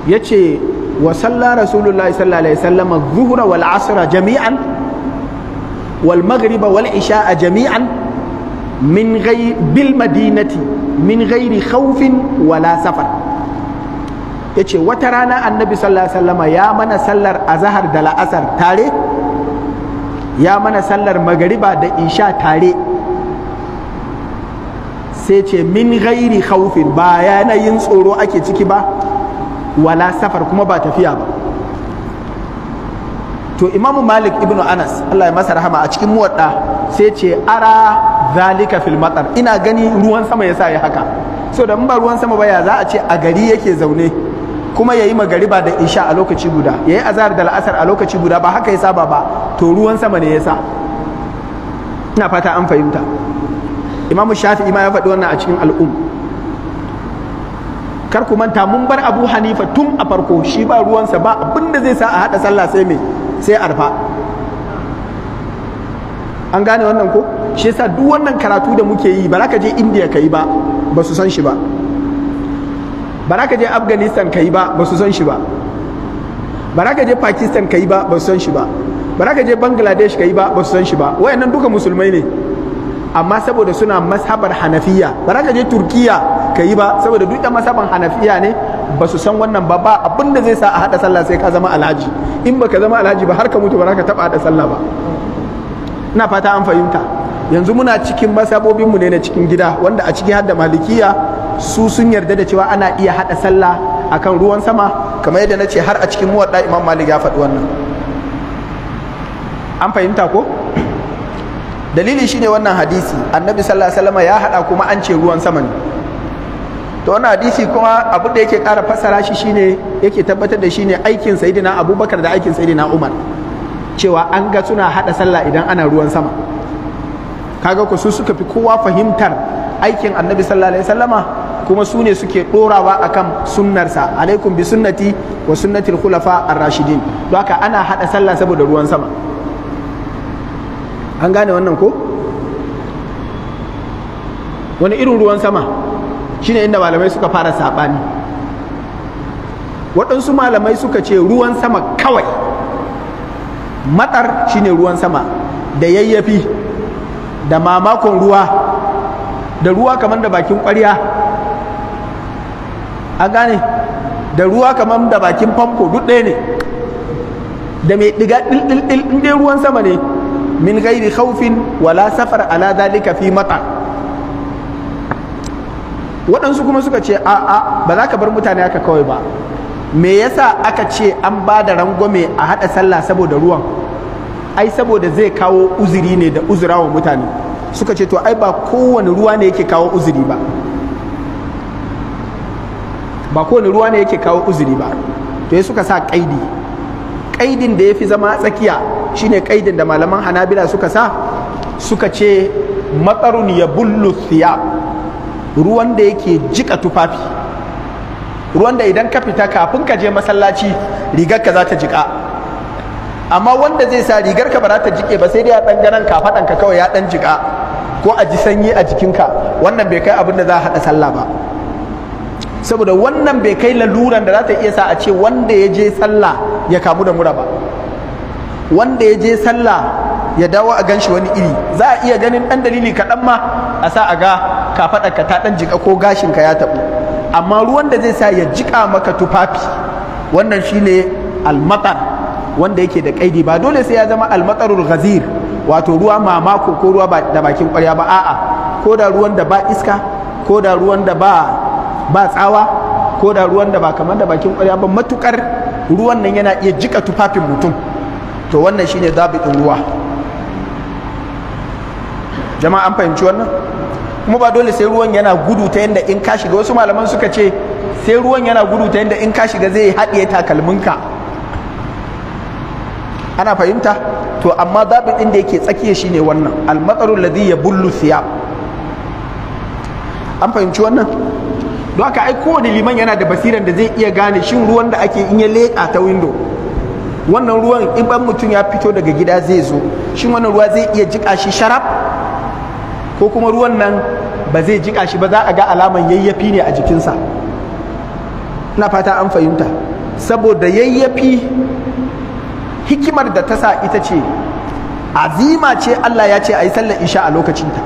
yace wa salla rasulullahi sallallahu alaihi wasallam adh-dhuhra wal 'asra jami'an wal maghriba wal isha'a jami'an min ghayr bil madinati min ghairi khawfin wala safar yace wata rana annabi sallallahu alaihi wasallam ya mana sallar azhar da la'asar tare ya mana sallar magariba da isha tare sai ce min gairi haufin ba yanayin tsoro ake ciki ba wala safar kuma ba tafiya ba to imamu malik ibnu anas allah ya masa rahama a cikin muwadda sai ce ara zalika fil matar ina gani ruwan sama ya sa ya haka so da in ba ruwan sama ba ya za a ce a gari yake zaune kuma ya yi magariba da isha a lokaci guda ya yi azar da la'asar a lokaci guda ba haka ya saba ba to ruwan sama ne ya sa ina fata an fahimta imamu shafi ima ya faɗi wannan a cikin al'umma kar ku manta mun bar abu hanifa tun a farko shi ba ruwansa ba abinda zai sa a haɗa sallah sai me sai arfa an gane wannan ko shi yasa duk wannan karatu da muke yi ba za ka je indiya ka yi ba ba su san shi ba ba za ka je afghanistan ka yi ba ba su san shi ba ba za ka je pakistan ka yi ba ba su san shi ba ba za ka je bangladesh ka yi ba ba su san shi ba wayannan duka musulmai ne amma saboda suna mashabar hanafiya ba za ka je turkiya ka yi ba saboda duk da masabar hanafiya ne ba su san wannan ba ba abin da zai sa a haɗa sallah sai ka zama alhaji in ba ka zama alhaji ba har ka mutu ba za ka taɓa haɗa sallah ba ina fata an fahimta yanzu muna cikin masabobinmu ne na cikin gida wanda a ciki hadda malikiya su sun yarda da cewa ana iya haɗa sallah akan ruwan sama kamar yadda na ce har a cikin muwadda imam malik ya faɗi wannan an fahimta ko dalili shine wannan hadisi annabi sallallahu alaihi wasallam ya hada kuma an ce ruwan sama ne to wannan hadisi kuma abu da yake ƙara fassara shi shine yake tabbatar da shi ne aikin sayyidina abubakar da aikin sayyidina umar cewa an ga suna haɗa sallah idan ana ruwan sama kaga ku su suka fi kowa fahimtar aikin annabi sallallahu alaihi wasallama kuma su ne suke dorawa akan sunnarsa alaikum bi sunnati wa sunnatil khulafa ar-rashidin don haka ana haɗa sallah saboda ruwan sama an gane wannan ko wani irin ruwan sama shine inda malamai suka fara saɓani waɗansu malamai suka ce ruwan sama kawai matsar shine ruwan sama da yayyafi da mamakon ruwa da ruwa kamar da bakin ƙwarya an gane da ruwa kamar da bakin famfo duk ɗaya ne da mai ɗiga ɗil ɗil ruwan sama ne min gairi haufin wala safar ala dalika fi mata waɗansu kuma suka ce a'a ba za ka bar mutane haka kawai ba me yasa aka ce an ba da rangwame a haɗa sallah saboda ruwan ai saboda zai kawo uzuri ne da uzura wa mutane suka ce to ai ba kowane ruwa ne yake kawo uzuri ba ba kowane ruwa ne yake kawo uzuri ba to ya suka sa kaidi kaidin da ya fi zama tsakiya shine kaidin da malaman hanabila suka sa suka ce matsarun ya bullu ruwan da yake jika tufafi ruwan da idan ka fita kafin ka je masallaci rigar ka za ta jika amma wanda zai sa rigar ka ba za ta jike ba sai dai ya dan ganan kafadan ka kawai ya ɗan jika ko a ji sanyi a jikinka wannan bai kai abin da za a haɗa sallah ba saboda wannan bai kai laluran da za ta iya sa a ce wanda ya je sallah ya kamu da mura ba wanda ya je sallah ya dawo a ganshi wani iri za a iya ganin ɗan dalili kaɗan ma a sa a ga kafaɗarka ta ɗan jika ko gashinka ya taɓu amma ruwan da zai sa ya jika maka tufafi wannan shine almatar wanda yake da kaidi ba dole sai ya zama almatarul ghazir wato ruwa mamako ko ruwa da bakin ƙwarya ba a'a ko da ruwan da ba iska ko da ruwan da ba ba tsawa ko da ruwan da ba kamar da bakin ƙwarya ba matukar ruwan nan yana iya jika tufafin mutum to wannan shine zabitin ruwa jama'a an fahimci wannan kuma ba dole sai ruwan yana gudu ta yadda in ka shiga wasu malaman suka ce sai ruwan yana gudu ta yadda in ka shiga zai haɗiye takalminka ana fahimta to amma zabitin da yake tsakiya shine wannan almatsarul ladhi yabullu thiyab an fahimci wannan don haka ai kowane liman yana da basiran da zai iya gane shin ruwan da ake in ya leƙa ta window wannan ruwan ban mutum ya fito daga gida zai zo shin wannan ruwa zai iya jika shi sharaf ko kuma ruwan nan ba zai jika shi ba za a ga alaman yayyafi ne a jikinsa ina fata an fahimta saboda yayyafi hikimar da ta sa ita ce azima ce Allah ya ce a yi sallar isha a lokacinta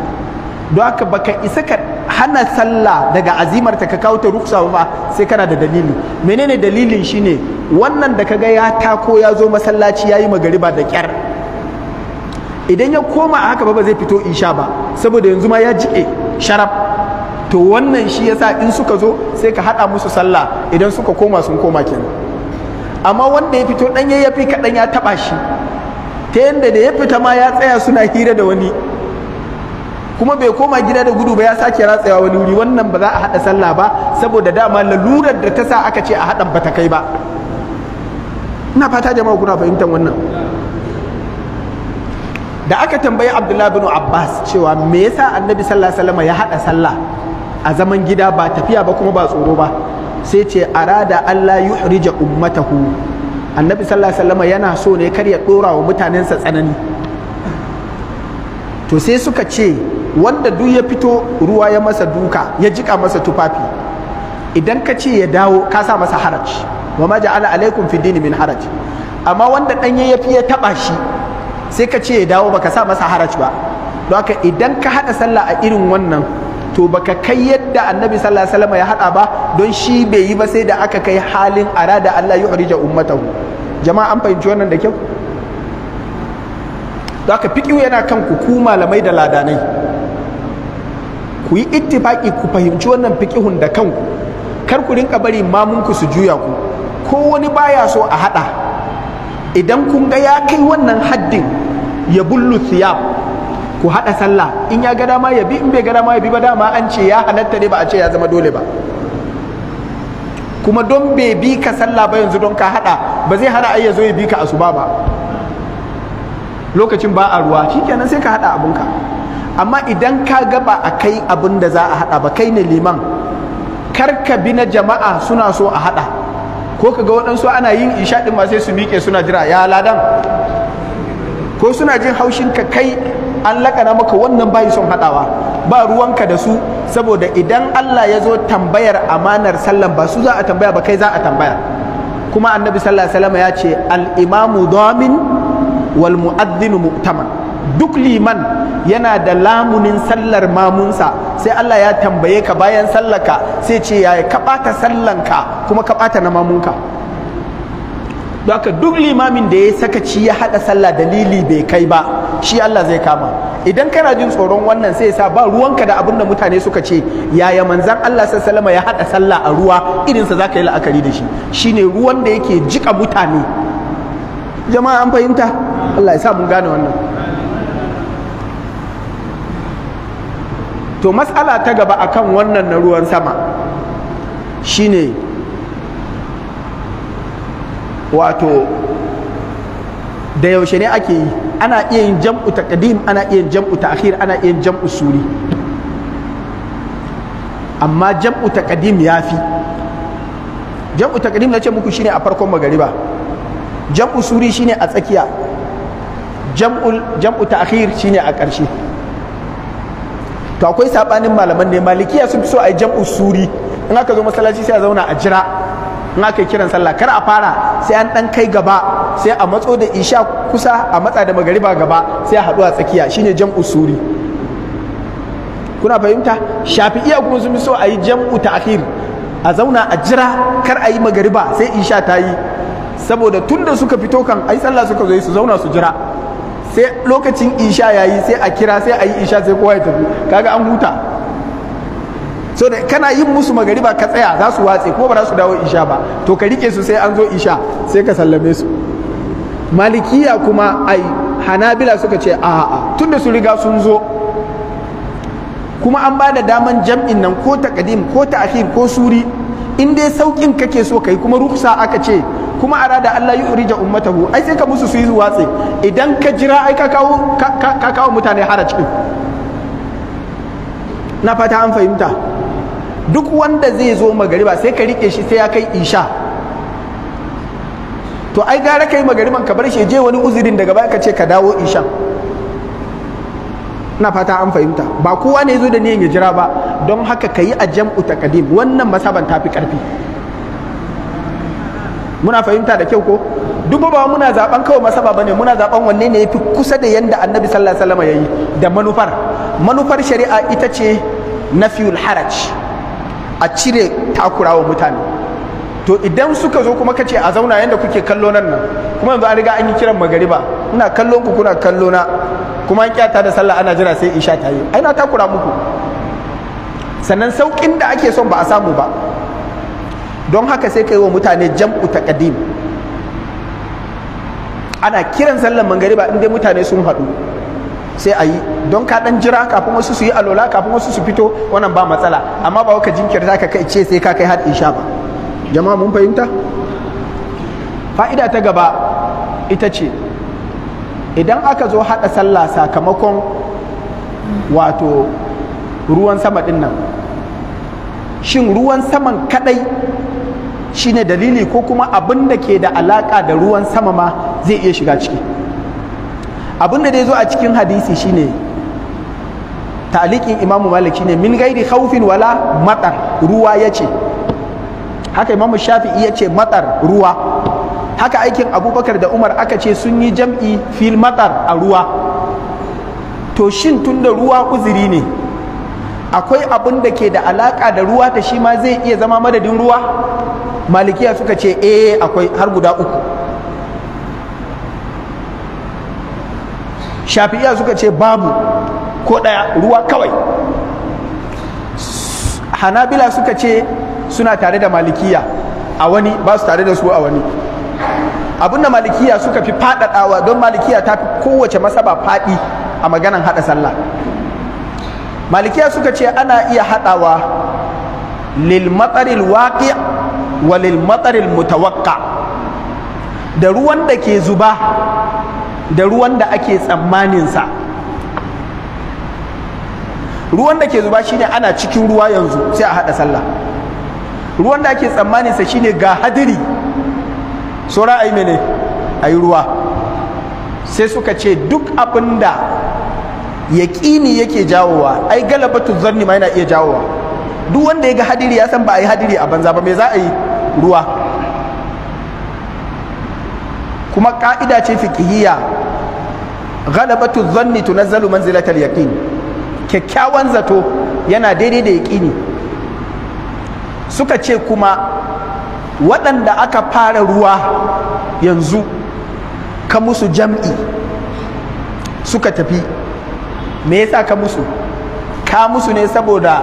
don haka baka isa ka hana sallah daga azimar ta ka kawo ta ruksa ba sai kana da dalili menene dalilin shine wannan da kaga ya tako ya zo masallaci yayi magariba da kyar idan ya koma a haka ba ba zai fito isha ba saboda yanzu ma ya jike sharaf to wannan shi yasa in suka zo sai ka hada musu sallah idan suka koma sun koma kenan amma wanda ya fito dan fi kadan ya taba shi ta yanda da ya fita ma ya tsaya suna hira da wani kuma bai koma gida da gudu ba ya sake ratsawa wani wuri wannan ba za a haɗa sallah ba saboda dama lalurar da ta sa aka ce a haɗa bata kai ba ina fata jama'a kuna fahimtar wannan da aka tambayi abdullahi bin abbas cewa me yasa annabi sallallahu alaihi wasallam ya haɗa sallah a zaman gida ba tafiya ba kuma ba tsoro ba sai ce arada allah yuhrija ummatahu annabi sallallahu alaihi wasallam yana so ne kar ya dora wa mutanensa tsanani to sai suka ce wanda duk ya fito ruwa ya masa duka ya jika masa tufafi idan ka ce ya dawo ka sa masa haraj wa ma ja'ala alaikum fi dini min haraj amma wanda dan ya fi ya taba shi sai ka ce ya dawo baka sa masa haraj ba don haka idan ka hada sallah a irin wannan to baka kai yadda annabi sallallahu alaihi wasallam ya hada ba don shi bai yi ba sai da aka kai halin arada Allah yuhrija ummatahu jama'a an fahimci wannan da kyau don haka fiqhu yana kan ku ku malamai da ladanai ku yi ittifaki ku fahimci wannan fiqihun da kanku kar ku rinka bari mamunku su juya ku ko wani baya so a hada idan kun ga ya kai wannan haddin ya bullu siyab ku hada sallah in ya ga dama ya bi in bai ga dama ya bi ba dama an ce ya halatta ne ba a ce ya zama dole ba kuma don bai bi ka sallah ba yanzu don ka hada ba zai hana ayyazo ya zo ya bi ka asuba ba lokacin ba a ruwa shikenan sai ka hada ka. amma idan ka gaba a kai abin da za a haɗa ba kai ne liman karka bi na jama'a suna so a haɗa ko ka ga waɗansu ana yin isha ma sai su miƙe suna jira ya ladan ko suna jin haushin ka kai an na maka wannan bayi son haɗawa ba ruwanka da su saboda idan Allah ya zo tambayar amanar sallan ba su za a tambaya ba kai za a tambaya kuma annabi sallallahu alaihi wasallam ya ce al-imamu damin wal mu'adhdhinu mu'taman duk liman yana da lamunin sallar mamunsa sai Allah ya tambaye ka bayan sallaka sai ce ya ka ɓata sallanka kuma ka ɓata na mamunka haka duk limamin da ya sakaci ya haɗa sallah dalili bai kai ba shi Allah zai kama idan kana jin tsoron wannan sai sa ba ruwanka da abin da mutane suka ce yaya manzan Allah sallama ya haɗa sallah a ruwa irinsa za ka yi la'akari da shi Shi ne ruwan da yake jika mutane jama'a an fahimta Allah ya sa mun gane wannan to matsala ta gaba akan wannan na ruwan sama shine wato da yaushe ne ake yi ana iya yin jam'u kadim ana iya yin jam'u akhir ana iya yin jam'u suri amma jam'u ya fi. jam'u na ce muku shine a farkon magariba jam'u suri shine a tsakiya jam'u jam'u shi shine a ƙarshe to akwai sabanin malaman ne malikiya sun fi so a yi jam'u suri in aka zo masallaci sai a zauna a jira in aka yi kiran sallah kar a fara sai an dan kai gaba sai a matso da isha kusa a matsa da magariba gaba sai a haɗu a tsakiya shine jam'u suri kuna fahimta shafi'iya kuma sun fi so a yi jam'u ta'khir a zauna a jira kar a yi magariba sai isha ta yi saboda tunda suka fito kan ai sallah suka zo su zauna su jira sai lokacin isha yayi sai a kira sai a yi isha sai kowa ya tafi kaga an huta so da kana yin musu magariba ka tsaya za su watse ko ba za su dawo isha ba to ka rike su sai an zo isha sai ka sallame su malikiya kuma ai hanabila suka ce a'a da su riga sun zo kuma an ba da daman jam'in nan ko takadim ko akhir ko suri in dai saukin kake so kai kuma ruksa aka ce kuma da Allah yi urija ummatahu ai sai ka musu su yi watsi idan ka jira ai ka kawo ka kawo mutane haraj na fata an fahimta duk wanda zai zo magariba sai ka rike shi sai ya kai isha to ai gara kai magariban ka bar shi je wani uzurin daga baya ka ce ka dawo isha na fata an fahimta ba kowa ne zo da niyan ya jira ba don haka ka yi a jam'u taqdim wannan masaban tafi karfi muna fahimta da kyau ko duk ba muna zaben kawai masaba ne? muna zaben wanne ne ya fi kusa da yadda annabi sallallahu alaihi wasallam yayi da manufar manufar shari'a ita ce nafiyul haraj a cire takurawa mutane to idan suka zo kuma kace a zauna yanda kuke kallo nan nan kuma yanzu an riga an yi kiran magariba ina kallon ku kuna kallo na kuma an kyata da sallah ana jira sai isha ta yi ai na takura muku sannan saukin da ake son ba a samu ba don haka sai ka yi wa mutane jam'u taqdim ana kiran sallar mangariba inda mutane sun haɗu sai a yi don ka ɗan jira kafin wasu su yi alola kafin wasu su fito wannan ba matsala amma ba ka jinkirta ka kai ce sai ka kai har sha ba jama'a mun fahimta fa'ida ta gaba ita ce idan aka zo haɗa sallah sakamakon wato ruwan sama din nan shin ruwan saman kadai shine dalili ko kuma abin da ke da alaka da ruwan sama ma zai iya shiga ciki abin da zai zo a cikin hadisi shine ta'liqin imamu malik ne min gairi khawfin wala matar ruwa yace haka imamu shafi iya ce matar ruwa haka aikin abubakar da umar aka ce sun yi jam'i fil matar a ruwa to shin tunda ruwa uzuri ne akwai abin da ke da alaka da ruwa ta shi ma zai iya zama madadin ruwa malikiya suka ce eh akwai har guda uku shafi'iya suka ce babu ko ɗaya ruwa kawai hanabila suka ce suna tare da malikiya a wani ba su tare da su a wani abinda malikiya suka fi faɗaɗawa don malikiya ta fi kowace masaba fadi a maganan hada sallah malikiya suka ce ana iya haɗawa lil matsaril waƙi wa lil matsaril mutawakka da ruwan da ke zuba da ruwan da ake tsammaninsa ruwan da ke zuba shine ana cikin ruwa yanzu sai a haɗa sallah ruwan da ake tsammaninsa shine ga hadiri sora ayi mene ayi ruwa sai suka ce duk abin da yaqini yake jawowa ai galabatu zanni ma yana iya jawowa duk wanda ya ga hadiri ya san ba a yi hadiri a banza ba me za a yi ruwa kuma ƙa'ida ce fiqhiyya galabatu zanni tunazzalu manzilatal yaqin kyakkyawan zato yana daidai da yaqini suka ce kuma waɗanda aka fara ruwa yanzu ka musu jam'i suka tafi me yasa ka musu ka musu ne saboda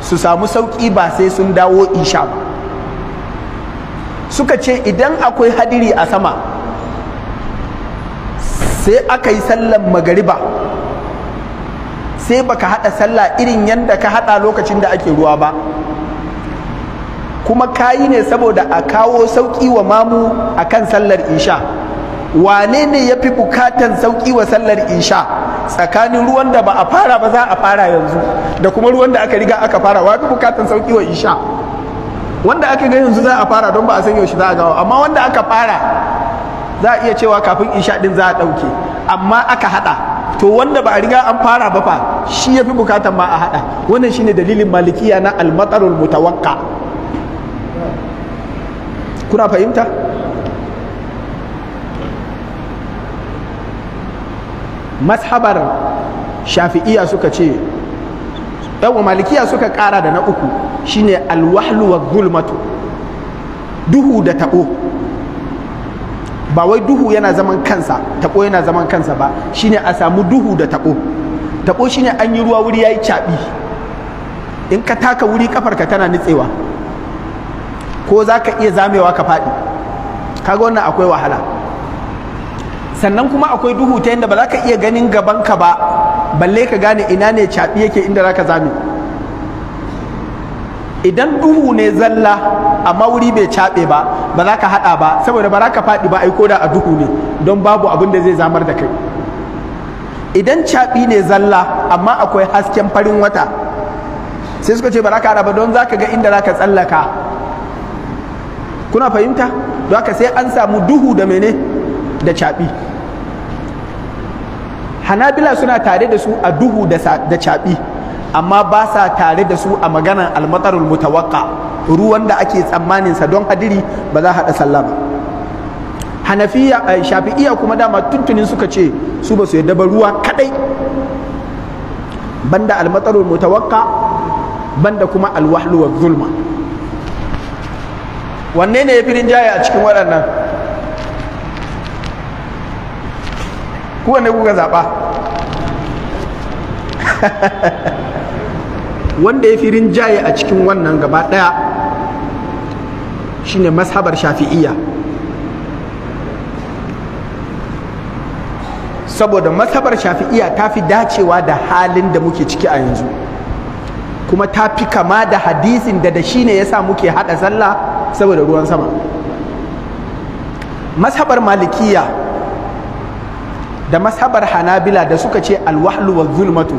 su samu sauƙi ba sai sun dawo isha ba suka ce idan akwai hadiri a sama sai aka yi sallan magariba sai baka hada sallah irin yadda ka hada lokacin da ake ruwa ba kuma kayi ne saboda a kawo sauƙi wa mamu a kan sallar isha wane ne ya fi bukatan sauƙi wa sallar isha tsakanin ruwan da ba a fara ba za a fara yanzu da kuma ruwan da aka riga aka fara wa bukatan sauki wa isha wanda aka ga yanzu za a fara don ba a san yaushe za a gawa amma wanda aka fara za a iya cewa kafin isha din za a ɗauke amma aka haɗa to wanda ba a riga an fara ba fa shi ya fi bukatan ma a haɗa wannan shine dalilin malikiya na almatsarul mutawakka kuna fahimta mashabar shafi'iya suka ce yawa malikiya suka kara da na uku shine alwahlu wa duhu da taɓo ba wai duhu yana zaman kansa taɓo yana zaman kansa ba shine a samu duhu da taɓo taɓo shine an yi ruwa wuri ya yi caɓi in ka taka wuri kafarka tana nitsewa ko za ka iya zamewa ka faɗi kaga wannan akwai wahala sannan kuma akwai duhu ta yadda ba za ka iya ganin gaban ka ba balle ka gane ina ne caɓi yake inda za ka zame idan duhu ne zalla amma wuri bai caɓe ba ba za ka haɗa ba saboda ba za ka faɗi ba aiko koda a duhu ne don babu abin da zai zamar da kai idan caɓi ne zalla amma akwai hasken farin wata sai suka ce ba za ka haɗa ba don za ka ga inda za ka tsallaka kuna fahimta don haka sai an samu duhu da mene da caɓi hanabila suna tare da su a duhu da caɓi amma ba sa tare da su a maganar almatarul mutawaka ruwan da ake tsammaninsa don hadiri ba za haɗa sallah ba hanafiya eh, shafi'iya kuma dama tuntunin suka ce su ba su yadda ba ruwa kadai banda almatarul mutawakka banda kuma alwahlu wa zulma wanne ne ya fi rinjaye a cikin waɗannan ku kuka zaɓa wanda ya fi rinjaye a cikin wannan gaba ɗaya shine mashabar shafi'iyya saboda mashabar shafi'iyya ta fi dacewa da halin da muke ciki a yanzu kuma ta fi kama da hadisin da da shine sa muke haɗa sallah saboda ruwan sama mashabar malikiya da mashabar hanabila da suka ce alwahlu wa zulmatu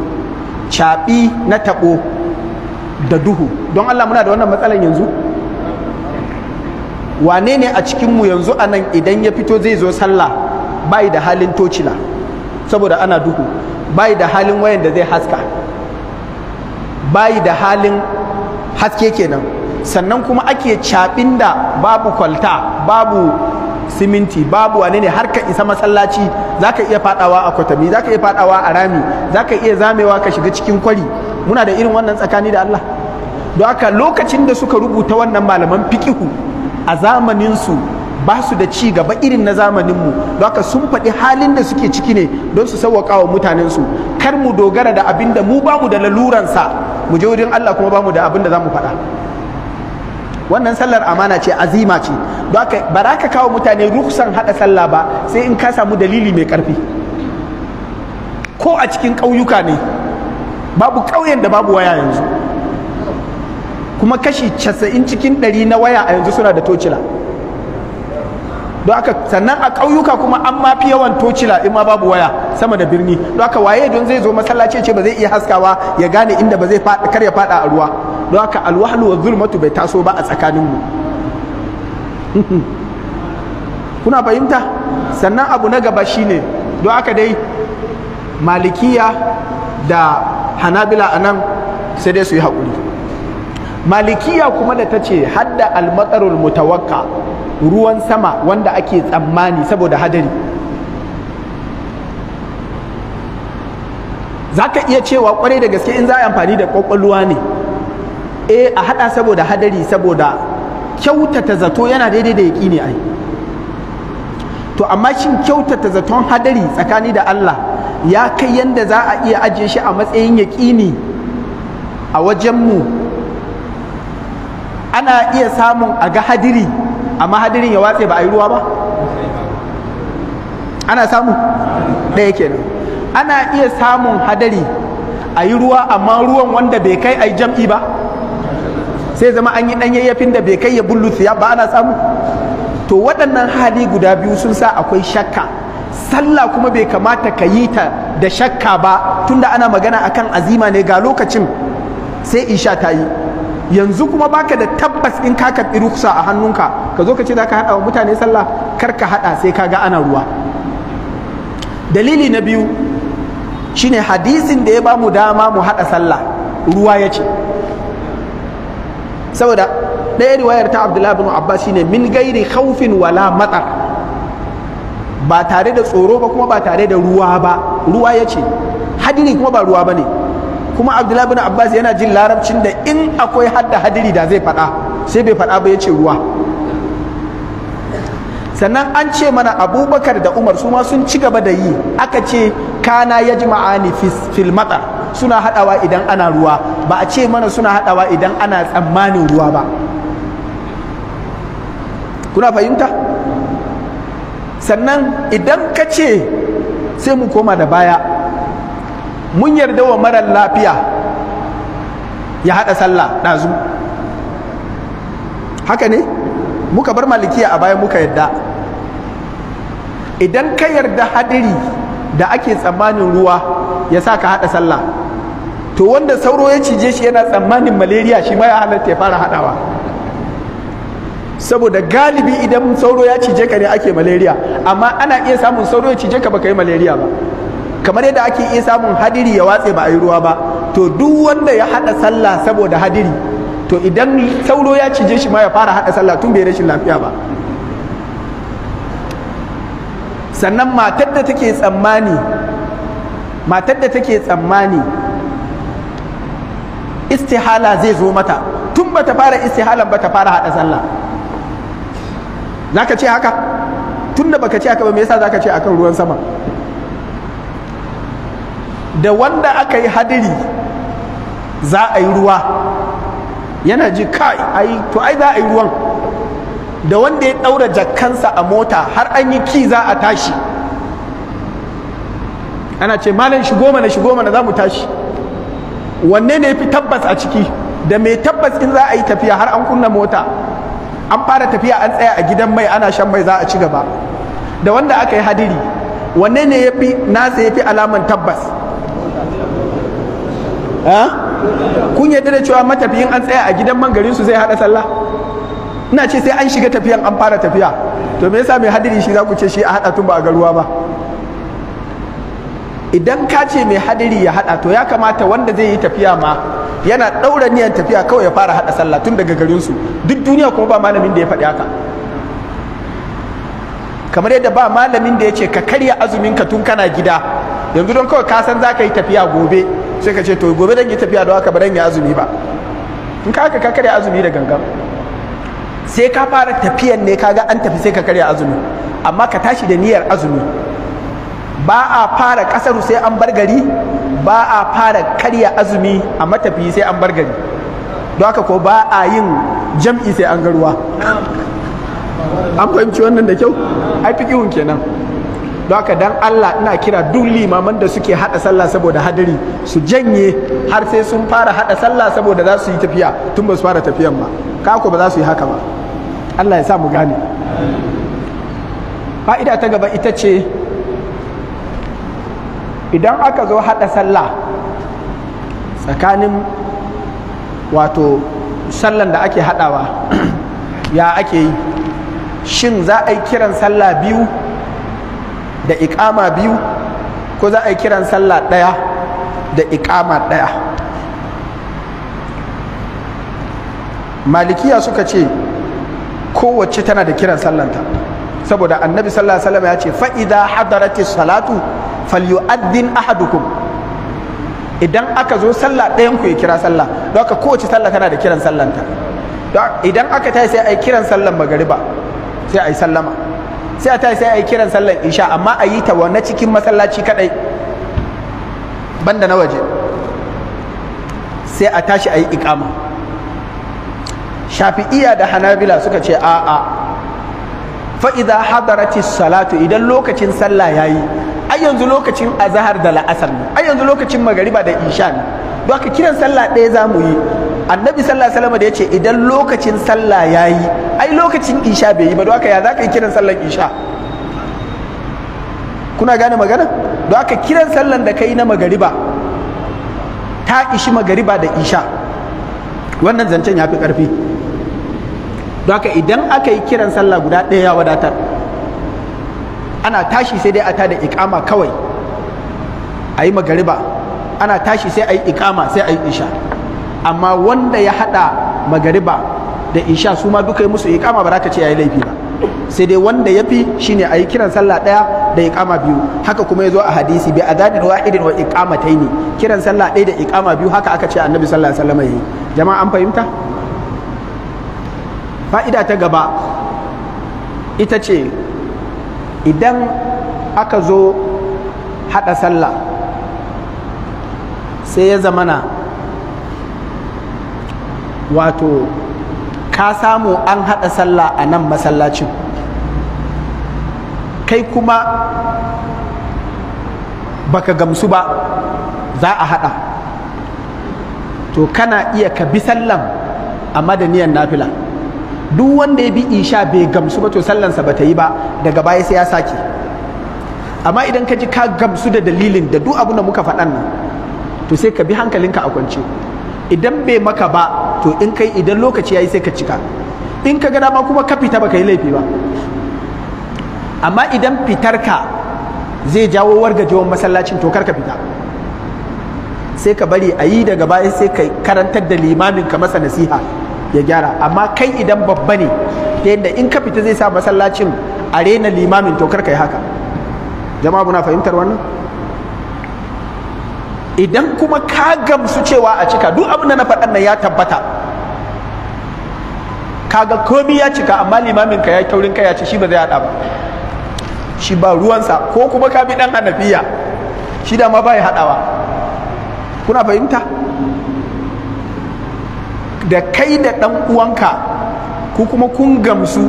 caɓi na taɓo da duhu don allah muna da wannan matsalan yanzu wane ne a cikinmu yanzu a nan idan ya fito zai zo sallah bai da halin tocila saboda ana duhu bai da halin wayan da zai haska bai da halin haske kenan sannan kuma ake caɓin da babu kwalta babu siminti babu wane ne har ka isa masallaci ka iya fadawa a kwatami ka iya fadawa a rami za ka iya zamewa ka shiga cikin kwari muna da irin wannan tsakani da Allah don haka lokacin da suka rubuta wannan malaman fikihu a zamaninsu su ba su da ci gaba irin na zamaninmu don haka sun faɗi halin da suke ciki ne don su sauwaƙa wa mutanensu kar mu dogara da abin da mu ba mu da laluransa mu je wurin Allah kuma ba mu da abin da za mu faɗa wannan sallar amana ce azima ce ba za ka kawo mutane ruksan haɗa sallah ba sai in ka samu dalili mai ƙarfi ko a cikin ƙauyuka ne babu ƙauyen da babu waya yanzu kuma kashi casa'in cikin ɗari na waya a yanzu suna da tocila don aka sannan a ƙauyuka kuma an mafi yawan tocila in ma babu waya sama da birni don haka waye don zai zo masallaci ce ba zai iya haskawa ya gane inda ba zai kar ya faɗa a ruwa don haka alwahlu wa zulmatu bai taso ba a tsakaninmu kuna fahimta sannan abu na gaba shine don haka dai malikiya da hanabila a nan sai dai su yi haƙuri malikiya kuma da ta ce hadda almatsarul mutawakka ruwan sama wanda ake tsammani saboda hadari za ka iya cewa kwarai da gaske in za a amfani da ƙwaƙwalwa ne eh a hada saboda hadari saboda kyautata zato yana daidai da yaki ne ai to amma shin kyautata zaton hadari tsakani da Allah ya kai yanda za a iya ajiye shi a matsayin yaƙini a wajenmu ana iya samun a ga hadiri amma hadirin ya watse ba a yi ruwa ba ana samu ɗaya kenan ana iya samun hadari a yi ruwa amma ruwan wanda bai kai a yi jam'i ba sai zama an yi ɗan yayyafin da bai kai ya bullu siya ba ana samu to waɗannan hali guda biyu sun sa akwai shakka sallah kuma bai kamata ka yi ta da shakka ba tunda ana magana akan azima ne ga lokacin sai isha ta yi yanzu kuma baka da tabbas in ka karɓi ruksa a hannunka ka zo ka ce za ka haɗa wa mutane sallah kar ka haɗa sai ka ga ana ruwa dalili na biyu shine hadisin da ya ba mu dama mu haɗa sallah ruwa ya ce saboda ɗaya riwayar ta abdullahi bin abbas shine min gairi haufin wala matsar ba tare da tsoro ba kuma ba tare da ruwa ba ruwa ya ce hadiri kuma ba ruwa ba ne kuma abdullahi bin abbas yana jin larabcin da in akwai hadda hadiri da zai faɗa sai bai faɗa ba ya ce ruwa sannan an ce mana abubakar da umar su ma sun ci gaba da yi aka ce kana ya ji ma'ani fil suna haɗawa idan ana ruwa ba a ce mana suna haɗawa idan ana tsammanin ruwa ba kuna fahimta sannan idan ka ce sai mu koma da baya mun yarda wa marar lafiya ya haɗa sallah ɗazu haka ne muka bar malikiya a baya muka yarda idan ka yarda hadiri da ake tsammanin ruwa ya sa ka haɗa sallah to wanda sauro ya cije shi yana tsammanin malaria shi ma ya halatta ya fara haɗawa saboda galibi idan sauro ya cije ka ne ake malaria amma ana iya samun sauro ya cije ka baka yi malaria ba kamar yadda ake iya samun hadiri ya watse ba a yi ruwa ba to duk wanda ya haɗa sallah saboda hadiri to idan sauro ya cije shi ma ya fara haɗa sallah tun bai rashin lafiya ba sannan matar da take tsammani matar da take tsammani istihala zai zo mata tun ba ta fara istihalan ba ta fara hada sallah zaka ce haka tun da baka ce haka ba me yasa zaka ce akan ruwan sama da wanda aka yi hadiri za a yi ruwa yana ji kai ai to ai za a yi ruwan da wanda ya daura jakkansa a mota har an yi ki za a tashi ana ce malam shigo mana shigo mana za mu tashi wanne ne fi tabbas a ciki da mai tabbas in za a yi tafiya har an kunna mota an fara tafiya an tsaya a gidan mai ana shan mai za a ci gaba da wanda aka yi hadiri wanne ne ya fi nasa ya fi alaman tabbas kun yadda da cewa matafiyin an tsaya a gidan man garinsu zai haɗa sallah ina ce sai an shiga tafiyan an fara tafiya to me yasa mai hadiri shi za ku ce shi a hada tun ba a garuwa ba idan ka ce mai hadiri ya hada to ya kamata wanda zai yi tafiya ma yana daura niyan tafiya kawai ya fara hada sallah tun daga garin su duk duniya kuma ba malamin da ya faɗi haka kamar yadda ba malamin da ya ce ka karya azumin ka tun kana gida yanzu don kawai ka san za ka yi tafiya gobe sai ka ce to gobe dan yi tafiya don haka ba dan yi azumi ba in ka haka ka karya azumi da gangan sai ka fara tafiyan ne kaga an tafi sai ka karya azumi amma ka tashi da niyyar azumi ba a fara ƙasar sai an bar gari ba a fara karya azumi a matafi sai an bar gari don haka ko ba a yin jam'i sai an garuwa an fahimci wannan da kyau ai fi kenan don haka dan Allah ina kira duk limaman da suke hada sallah saboda hadari su janye har sai sun fara hada sallah saboda za su yi tafiya tun ba su fara tafiyan ba kako ba za su yi haka ba Allah ya sa mu gane fa'ida ta gaba ita ce idan aka zo haɗa sallah tsakanin wato sallan da ake haɗawa ya ake yi shin za a yi kiran sallah biyu da ikama biyu ko za a yi kiran sallah ɗaya da ikama ɗaya malikiya suka ce kowace tana da kiran sallanta saboda annabi sallallahu alaihi wasallam ya ce fa'ida hadarati salatu falyu'addin ahadukum idan aka zo sallah ɗayan ku ya kira sallah don haka kowace sallah tana da kiran sallanta idan aka tashi sai ai kiran sallan magariba sai ai sallama sai a tashi sai ai kiran sallan isha amma a yi ta wa na cikin masallaci kadai banda na waje sai a tashi a yi ikama shafi'iya da hanabila suka ce a'a fa'iza hadarati salatu idan lokacin sallah yayi. yanzu lokacin azahar da la'asar ne ai yanzu lokacin magariba da isha ne don haka kiran sallah ɗaya za mu yi annabi sallallahu alaihi da da yace idan lokacin sallah yayi ai lokacin isha bai yi ba don haka ya za ka yi kiran sallar isha kuna gane magana don haka kiran sallan da kai na magariba ta ishi magariba da isha wannan zancen ya fi ƙarfi don haka idan aka yi kiran sallah guda ɗaya ya wadatar ana tashi sai dai a tada ikama kawai a yi magariba ana tashi sai a yi ikama sai a yi isha amma wanda ya hada magariba da isha su ma duka yi musu ikama ba za ka ce ya yi laifi ba sai dai wanda ya fi ne a yi kiran sallah ɗaya da ikama biyu haka kuma ya zo a hadisi bi a wahidin wa ne kiran sallah ɗaya da ikama biyu haka aka ce annabi nabi sallah wasallam yayi jama'a an fahimta fa'ida ta gaba ita ce idan aka zo haɗa sallah sai ya zamana wato ka samu an haɗa sallah a nan masallacin kai kuma baka gamsu ba za a haɗa to kana iya ka bi sallan a madaniyar nafila duk wanda ya bi isha bai gamsu ba to sallansa ba ta yi ba daga baya sai ya sake amma idan ka ji ka gamsu da dalilin da duk abin da muka faɗan nan to sai ka bi hankalinka a kwance idan bai maka ba to in kai idan lokaci ya yi sai ka cika in ka ga dama kuma ka fita baka yi laifi ba amma idan fitar ka zai jawo wargajewar masallacin to kar ka fita sai ka bari a yi daga baya sai ka karantar da limamin ka masa nasiha ya gyara amma kai idan babba ne ta yadda in ka fita zai sa masallacin arena rena limamin to kar ka haka jama'a muna fahimtar wannan idan kuma ka gamsu cewa a cika duk abin da na faɗan nan ya tabbata kaga komi ya cika amma limamin ka ya taurin kai ya ci shi ba zai haɗa ba shi ba ruwansa ko kuma ka bi dan hanafiya shi da ma ba ya haɗawa kuna fahimta da kai da ɗan uwanka ku kuma kun gamsu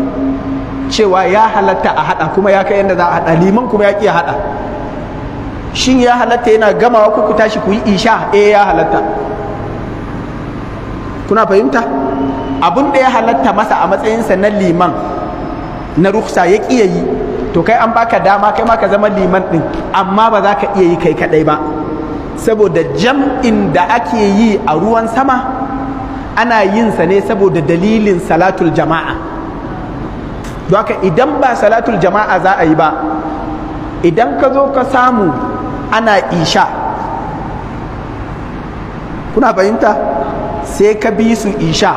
cewa ya halatta a haɗa kuma ya kai yadda za a haɗa liman kuma ya ya haɗa shin ya halatta yana gamawa ku ku tashi ku yi isha eh ya halatta kuna fahimta abin da ya halatta masa a matsayinsa na liman na ruksa ya ƙi yi to kai an baka dama kai ma ka zama liman ɗin amma ba za ka iya yi kai kaɗai ba saboda jam'in da ake yi a ruwan sama ana yin sa ne saboda dalilin salatul jama'a don haka idan ba salatul jama'a za a yi ba idan ka zo ka samu ana isha kuna fahimta sai ka bi su isha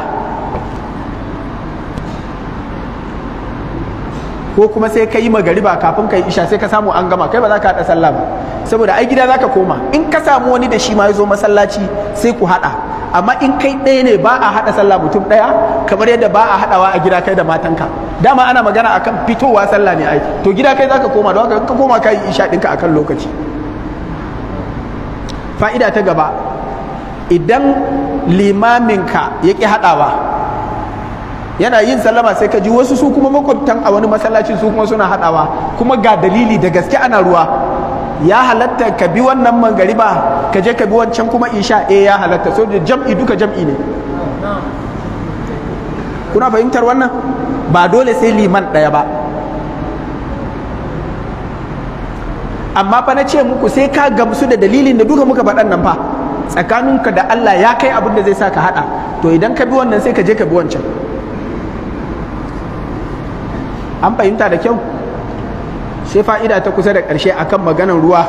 ko kuma sai ka yi magariba kafin ka yi isha sai ka samu an gama kai ba za ka haɗa sallah ba saboda ai gida za ka koma in ka samu wani da shi ma ya zo masallaci sai ku haɗa amma in kai ɗaya ne ba a haɗa sallah mutum ɗaya kamar yadda ba a haɗawa a gida kai da matanka dama ana magana akan fitowa sallah ne ai to gida kai zaka koma don haka ka koma kai isha ɗinka akan lokaci fa'ida ta gaba idan limaminka ya ƙi haɗawa yana yin sallama sai ka ji wasu su kuma makwabtan a wani masallacin su kuma suna haɗawa kuma ga dalili da gaske ana ruwa ya halatta ka bi wannan mangariba ka je ka bi wancan kuma in eh ya halatta so da jam'i duka jam'i ne kuna fahimtar wannan ba dole sai liman ɗaya ba amma fa na ce muku sai ka gamsu da dalilin da duka muka faɗan nan fa tsakaninka da Allah ya kai abin da zai sa ka haɗa to idan ka bi wannan sai ka je ka bi wancan an fahimta da kyau sai fa'ida ta kusa da ƙarshe a kan maganar ruwa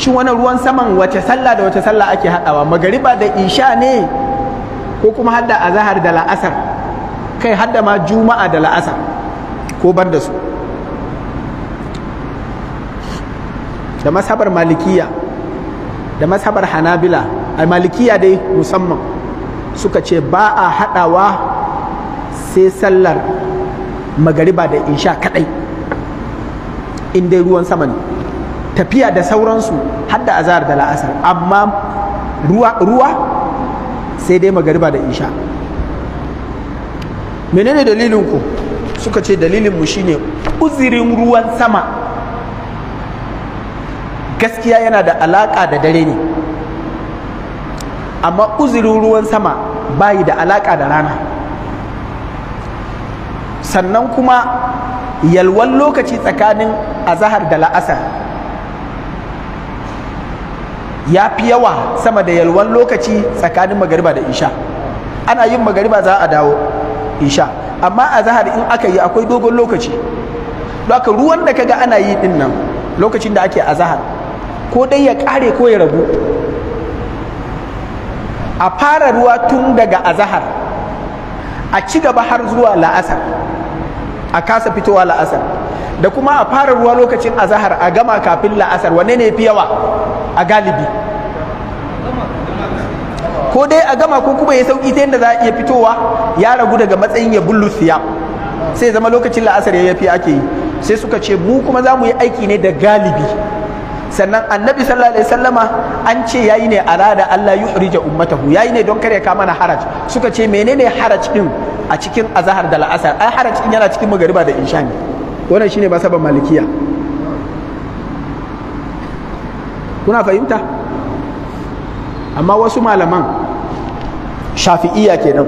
shi wani ruwan saman wace sallah da wace sallah ake haɗawa magariba da isha ne ko kuma hadda azahar da la'asar kai hadda ma juma'a da la'asar ko ban da su da masabar malikiya da masabar hanabila a malikiya dai musamman suka ce ba a haɗawa sai sallar magariba da isha kaɗai in dai ruwan sama ne tafiya da sauransu har da azahar da la'asar amma ruwa sai dai magariba da isha menene dalilinku suka ce dalilinmu mu shine uzirin ruwan sama gaskiya yana da alaka da dare ne amma uzirin ruwan sama bayi da alaƙa da rana sannan kuma yalwan lokaci tsakanin azahar da la'asar ya fi yawa sama da yalwan lokaci tsakanin magariba da isha ana yin magariba za a dawo isha amma azahar in aka yi akwai dogon lokaci haka ruwan da kaga ana yi din nan lokacin da ake azahar ko dai ya kare ko ya rabu a fara ruwa tun daga azahar a ci gaba har zuwa la'asar a kasa fitowa la'asar da kuma a fara ruwa lokacin azahar a gama kafin la'asar wanne ne fi yawa a galibi ko dai a gama ko kuma ya sauki ta yadda za a iya fitowa ya ragu daga matsayin ya bullu siya sai zama lokacin la'asar ya fi ake yi sai suka ce mu kuma za mu yi aiki ne da galibi sannan annabi sallallahu alaihi wasallama an ce yayi ne arada Allah yuhrija ummatahu yayi ne don kare ka mana haraj suka ce menene haraj din a cikin azhar da la'asar ai haraj din yana cikin magariba da insha ne wannan shine masaban malikiya kuna fahimta amma wasu malaman shafi'iya kenan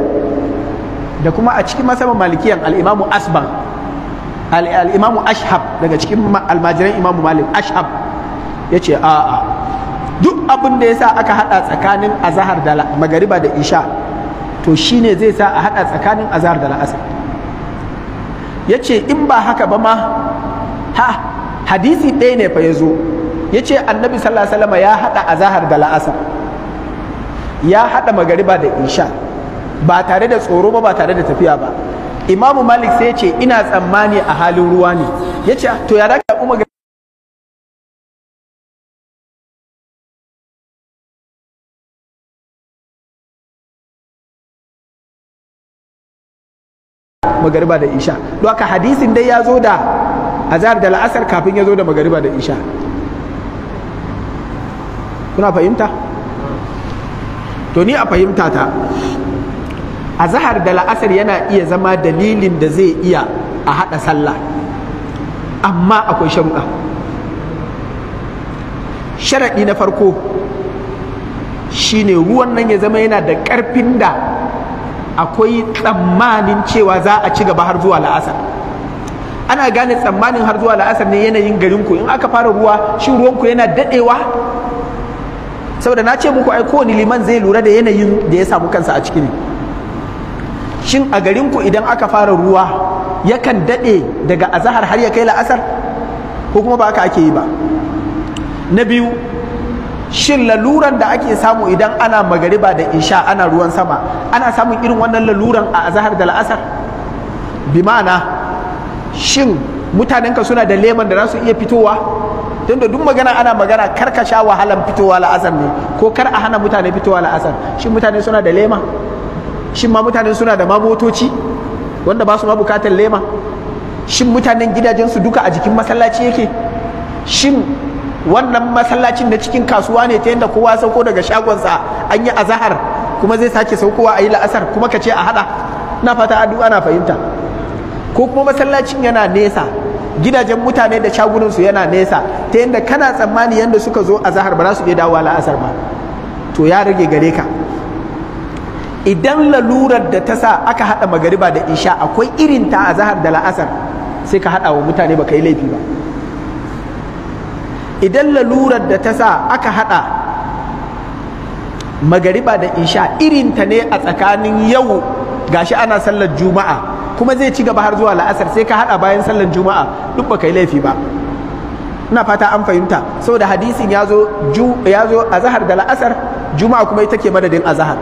da kuma a cikin masaban malikiyan al-imamu asban al-imamu ashhab daga cikin almajiran imamu malik ashhab ya ce a'a duk abin da ya sa aka haɗa tsakanin azahar da magariba da isha to shi ne zai sa a haɗa tsakanin azahar da la'asar ya ce in ba haka ba ma ha hadisi ɗaya ne fa ya zo ya ce annabi sallallahu ya haɗa azahar da la'asar ya haɗa magariba da isha ba tare da tsoro ba ba tare da tafiya ba imamu malik sai ya ce ina tsammani a halin ruwa ne ya ce to ya daga umar magariba da isha don haka hadisin dai ya zo da azhar da la'asar kafin ya zo da magariba da isha kuna fahimta to ni a fahimta ta azhar da la'asar yana iya zama dalilin da zai iya a haɗa sallah amma akwai sharuɗa sharaɗi na farko shine ruwan nan ya zama yana da ƙarfin da akwai tsammanin cewa za a ci gaba har zuwa la'asar ana gane tsammanin har zuwa la'asar ne yanayin garinku in aka fara ruwa shi ruwanku yana daɗewa saboda na ce muku aiko kowane liman zai lura da yanayin da ya samu kansa a cikin shin a garinku idan aka fara ruwa yakan dade daga azahar har ya kai la'asar ko kuma ba aka ake yi ba na biyu shin laluran da ake samu idan ana magariba da isha ana ruwan sama ana samun irin wannan laluran a azahar da la'asar bi ma'ana shin mutanenka suna da leman da za su iya fitowa don da duk magana ana magana kar ka sha wahalan fitowa la'asar ne ko kar a hana mutane fitowa la'asar shin mutane suna da lema shin ma mutane suna da mabotoci wanda ba su ma bukatar lema shin mutanen gidajensu duka a jikin masallaci yake shin wannan masallacin da cikin kasuwa ne ta yadda kowa sauko daga shagonsa an yi azahar kuma zai sake saukowa a yi la'asar kuma ka ce a hada na fata addu'a na fahimta ko kuma masallacin yana nesa gidajen mutane da shagunansu yana nesa ta yadda kana tsammani yadda suka zo azahar ba za su iya dawowa la'asar ba to ya rage gare ka idan lalurar da ta sa aka haɗa magariba da isha akwai irin ta azahar da la'asar sai ka haɗa wa mutane ba ka yi laifi ba idan lalurar da ta sa aka hada magariba da isha ta ne a tsakanin yau gashi ana sallar juma'a kuma zai ci gaba har zuwa la'asar sai ka hada bayan sallar juma'a duk ba kai laifi ba ina fata an fahimta saboda hadisin ya zo ya zo da la'asar juma'a kuma ita ke madadin azhar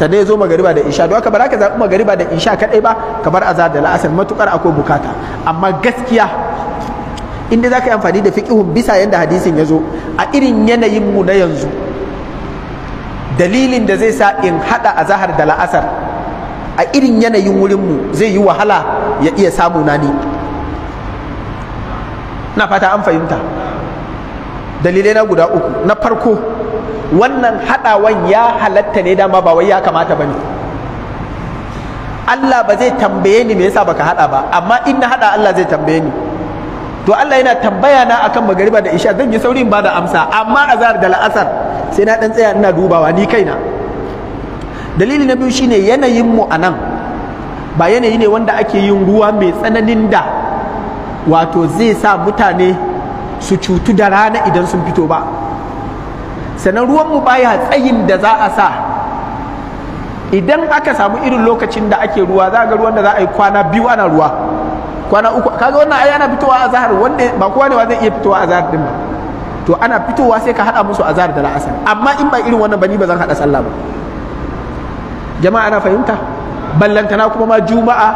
sannan ya zo magariba da isha don haka ba ka zaɓi magariba da isha kaɗai ba kamar azhar da la'asar matukar akwai bukata amma gaskiya inda za ka yi amfani da fiƙihun bisa yadda hadisin ya zo a irin yanayinmu na yanzu dalilin da zai sa in haɗa a zahar da la'asar a irin yanayin wurinmu zai yi wahala ya iya samu na ni na fata an fahimta dalilai na guda uku na farko wannan haɗawan ya halatta ne dama ba wai ya kamata ba ne Allah ba zai tambaye ni me yasa baka haɗa ba amma in na haɗa Allah zai tambaye ni to Allah yana tambaya na akan magariba da isha zan yi saurin ba da amsa amma azhar da la'asar sai na dan tsaya ina dubawa ni kaina dalili na biyu shine yanayin mu anan ba yanayi ne wanda ake yin ruwa mai tsananin da wato zai sa mutane su cutu da rana idan sun fito ba sannan ruwan mu baya tsayin da za a sa idan aka samu irin lokacin da ake ruwa za ga ruwan da za a yi kwana biyu ana ruwa kwana uku kaga wannan ai ana fitowa a zahar wanda ba kowa ne wa zai iya fitowa a zahar din ba to ana fitowa sai ka hada musu a zahar da la'asar amma in ba irin wannan ba ni ba zan hada sallah ba jama'a na fahimta ballantana kuma ma juma'a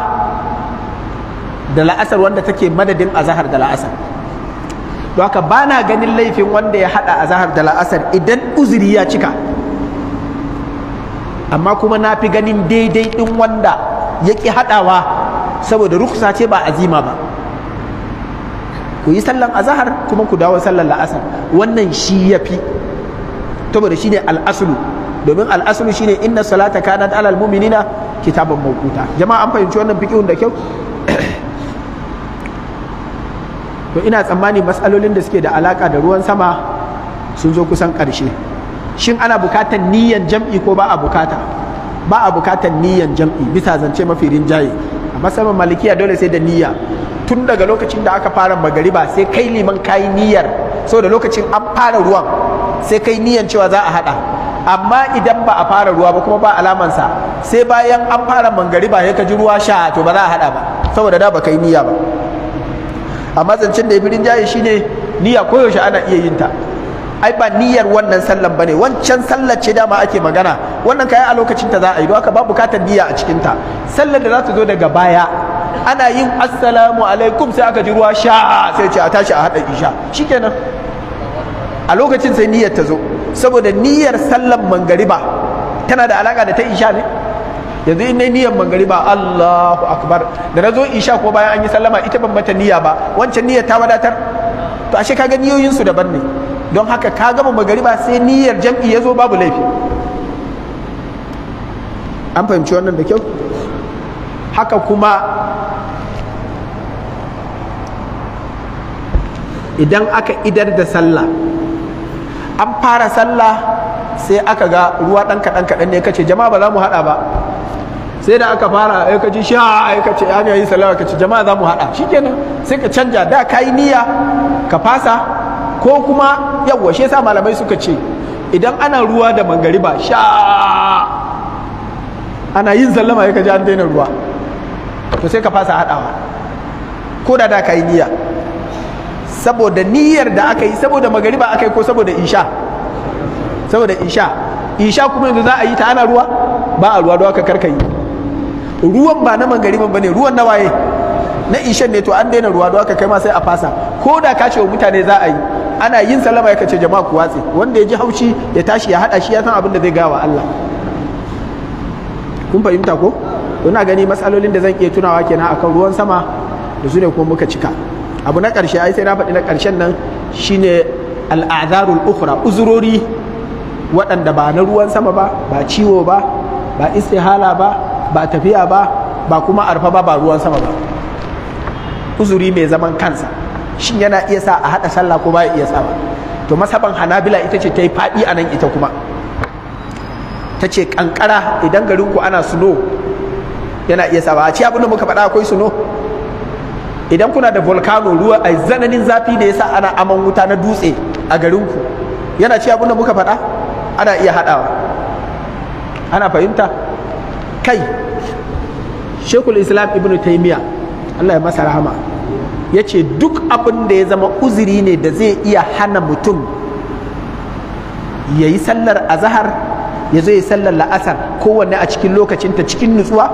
da la'asar wanda take madadin a zahar da la'asar don haka ba na ganin laifin wanda ya hada a zahar da la'asar idan uzuri ya cika amma kuma na fi ganin daidai din wanda ya ƙi hadawa saboda rukusa ce ba azima ba ku yi sallan azahar kuma ku dawo sallan la'asar wannan shi ya yafi saboda ne al'asulu. domin al'asulu shi ne inna salata kanat alal mu'minina kitaban jama'a an fahimci wannan fiqhun da kyau to ina tsammani matsalolin da suke da alaka da ruwan sama sun zo kusan karshe shin ana bukatar niyan jam'i ko ba a bukata ba a bukatar niyan jam'i bisa zance mafi rinjaye masaban malikiya dole sai da niyya tun daga lokacin da aka fara magariba sai kai liman kayi niyyar saboda lokacin an fara ruwan sai kai niyyan cewa za a hada amma idan ba a fara ruwa ba kuma ba alamansa sai bayan an fara mangariba ya ka ji ruwa sha to ba za a hada ba saboda da ba kai niyya ba amma zancen da ya fi rinjaye ne niyya koyaushe ana iya yin ta ai ba niyyar wannan sallan bane wancan sallar ce dama ake magana wannan kai a lokacin ta za a yi don haka ba bukatar niyya a cikin ta sallar da za ta zo daga baya ana yin assalamu alaikum sai aka ji ruwa sha'a sai ce a tashi a haɗa isha shikenan a lokacin sai niyyar ta zo saboda niyyar sallar mangariba tana da alaka da ta isha ne yanzu in niyyar mangariba Allahu akbar da nazo isha ko bayan an yi sallama ita ban mata niyya ba wancan niyyar ta wadatar to ashe kaga niyoyin su daban ne don haka ka gama ba sai niyyar jam'i ya zo babu laifi an fahimci wannan da kyau haka kuma idan aka idar da sallah an fara sallah sai aka ga ruwa ɗan kaɗan kaɗan ne kace jama'a ba za mu haɗa ba sai da aka fara ya kaci sha ya kace an yi salawa kace jama'a za mu haɗa kenan sai ka canja da ka yi niyya ka fasa ko kuma yawwa shi yasa malamai suka ce idan ana ruwa da mangariba sha ana yin zallama ya kaji an daina ruwa to sai ka fasa haɗawa ko da da ka yi niyya saboda niyyar da aka yi saboda magariba aka yi ko saboda isha saboda isha isha kuma yanzu za a yi ta ana ruwa ba a ruwa don aka karka yi ruwan ba na mangariba ba ne ruwan na waye na ishen ne to an daina ruwa don aka kai ma sai a fasa ko da ka ce wa mutane za a yi ana yin salama ya kace jama'a ku watse wanda ya ji haushi ya tashi ya hada shi ya san abin da zai gawa Allah kun fahimta ko kuna gani matsalolin da zan iya tunawa kenan akan ruwan sama da su ne kuma muka cika abu na karshe ai sai na faɗi na karshen nan shine al'azarul ukhra uzurori waɗanda ba na ruwan sama ba ba ciwo ba ba istihala ba ba tafiya ba ba kuma arfa ba ba ruwan sama ba uzuri mai zaman kansa shin yana iya sa a haɗa sallah ko ba iya sa ba to masaban hanabila ita ce ta yi faɗi a nan ita kuma ta ce kankara idan garin ku ana suno yana iya sa ba a ci abin da muka faɗa akwai suno idan kuna da volcano ruwa a zananin zafi da sa ana aman wuta na dutse a garin ku yana ci abin da muka faɗa ana iya haɗawa ana fahimta kai shekul islam ibnu taimiya allah ya masa rahama ya ce duk abin da ya zama uzuri ne da zai iya hana mutum ya yi sallar azahar ya zo ya sallar la'asar kowanne a cikin lokacinta cikin nutsuwa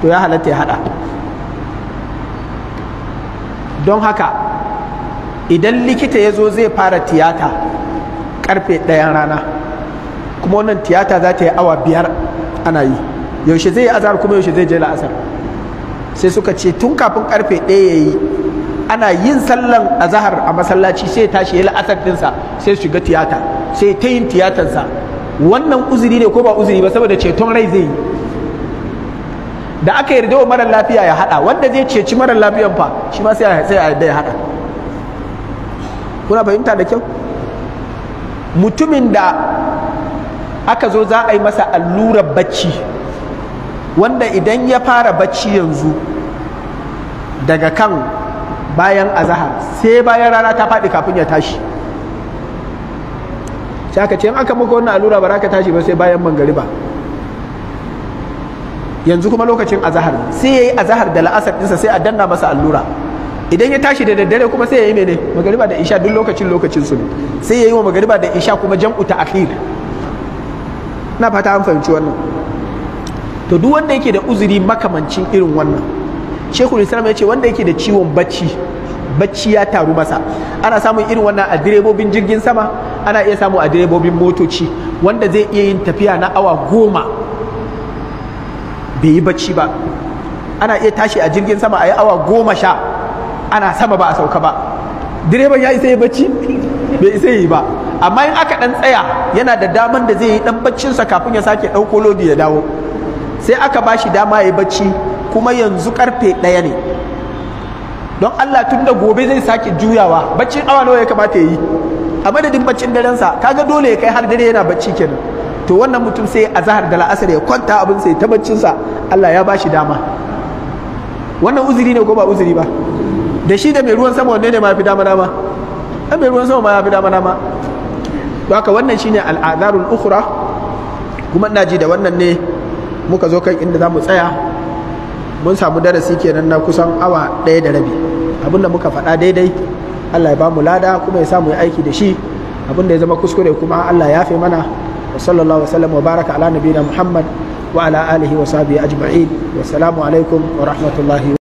to ya halatta ya hada don haka idan likita ya zo zai fara tiyata karfe ɗayan rana kuma wannan tiyata za ta yi awa biyar ana yi yaushe zai yi azahar kuma yaushe zai je la'asar sai suka ce tun kafin karfe ɗaya ya yi ana yin sallan azahar a masallaci sai tashi ya la'asar dinsa sai shiga tiyata sai ta yin tiyatansa. wannan uzuri ne ko ba uzuri ba saboda ceton rai zai yi da aka yarda wa marar lafiya ya hada wanda zai ceci marar lafiyan fa shi ma sai a yarda ya hada kuna fahimta da kyau mutumin da aka zo za a yi masa allurar bacci wanda idan ya fara bacci yanzu daga kan bayan azahar sai bayan rana ta faɗi kafin ya tashi sai aka ce in aka maka wannan allura ba za ka tashi ba sai bayan mangariba yanzu kuma lokacin azahar sai ya yi azahar da la'asar ɗinsa sai a danna masa allura idan ya tashi da daddare kuma sai ya yi mene magariba da isha duk lokacin lokacin su ne sai ya yi wa magariba da isha kuma jam'u ta akhir na fata an fahimci wannan to duk wanda yake da uzuri makamancin irin wannan shekul islam ya ce wanda yake da ciwon bacci bacci ya taru masa ana samun irin wannan a direbobin jirgin sama ana iya samu a direbobin motoci wanda zai iya yin tafiya na awa goma bai yi bacci ba ana iya tashi a jirgin sama a yi awa goma sha ana sama ba a sauka ba direban ya isa ya bacci bai isa yi ba amma in aka dan tsaya yana da daman da zai yi dan baccinsa kafin ya sake ɗauko lodi ya dawo sai aka ba shi dama ya yi bacci kuma yanzu karfe ɗaya ne don Allah tun da gobe zai sake juyawa baccin awa nawa ya kamata ya yi a madadin baccin darensa kaga dole ya kai har dare yana bacci kenan to wannan mutum sai a zahar da la'asar ya kwanta abin sai ta baccinsa Allah ya bashi dama wannan uzuri ne ko ba uzuri ba da shi da mai ruwan sama wanne ne ma fi dama dama a mai ruwan sama ma ya fi dama dama to haka wannan shine al'adarul ukhra kuma ina ji da wannan ne muka zo kan inda za mu tsaya mun samu darasi kenan na kusan awa ɗaya da rabi abinda muka faɗa daidai Allah ya ba mu lada kuma ya samu aiki da shi abinda ya zama kuskure kuma Allah ya fi mana wa sallallahu wa sallam wa baraka ala nabiyina Muhammad wa ala alihi wa sahbihi ajma'in wa salamu alaikum wa rahmatullahi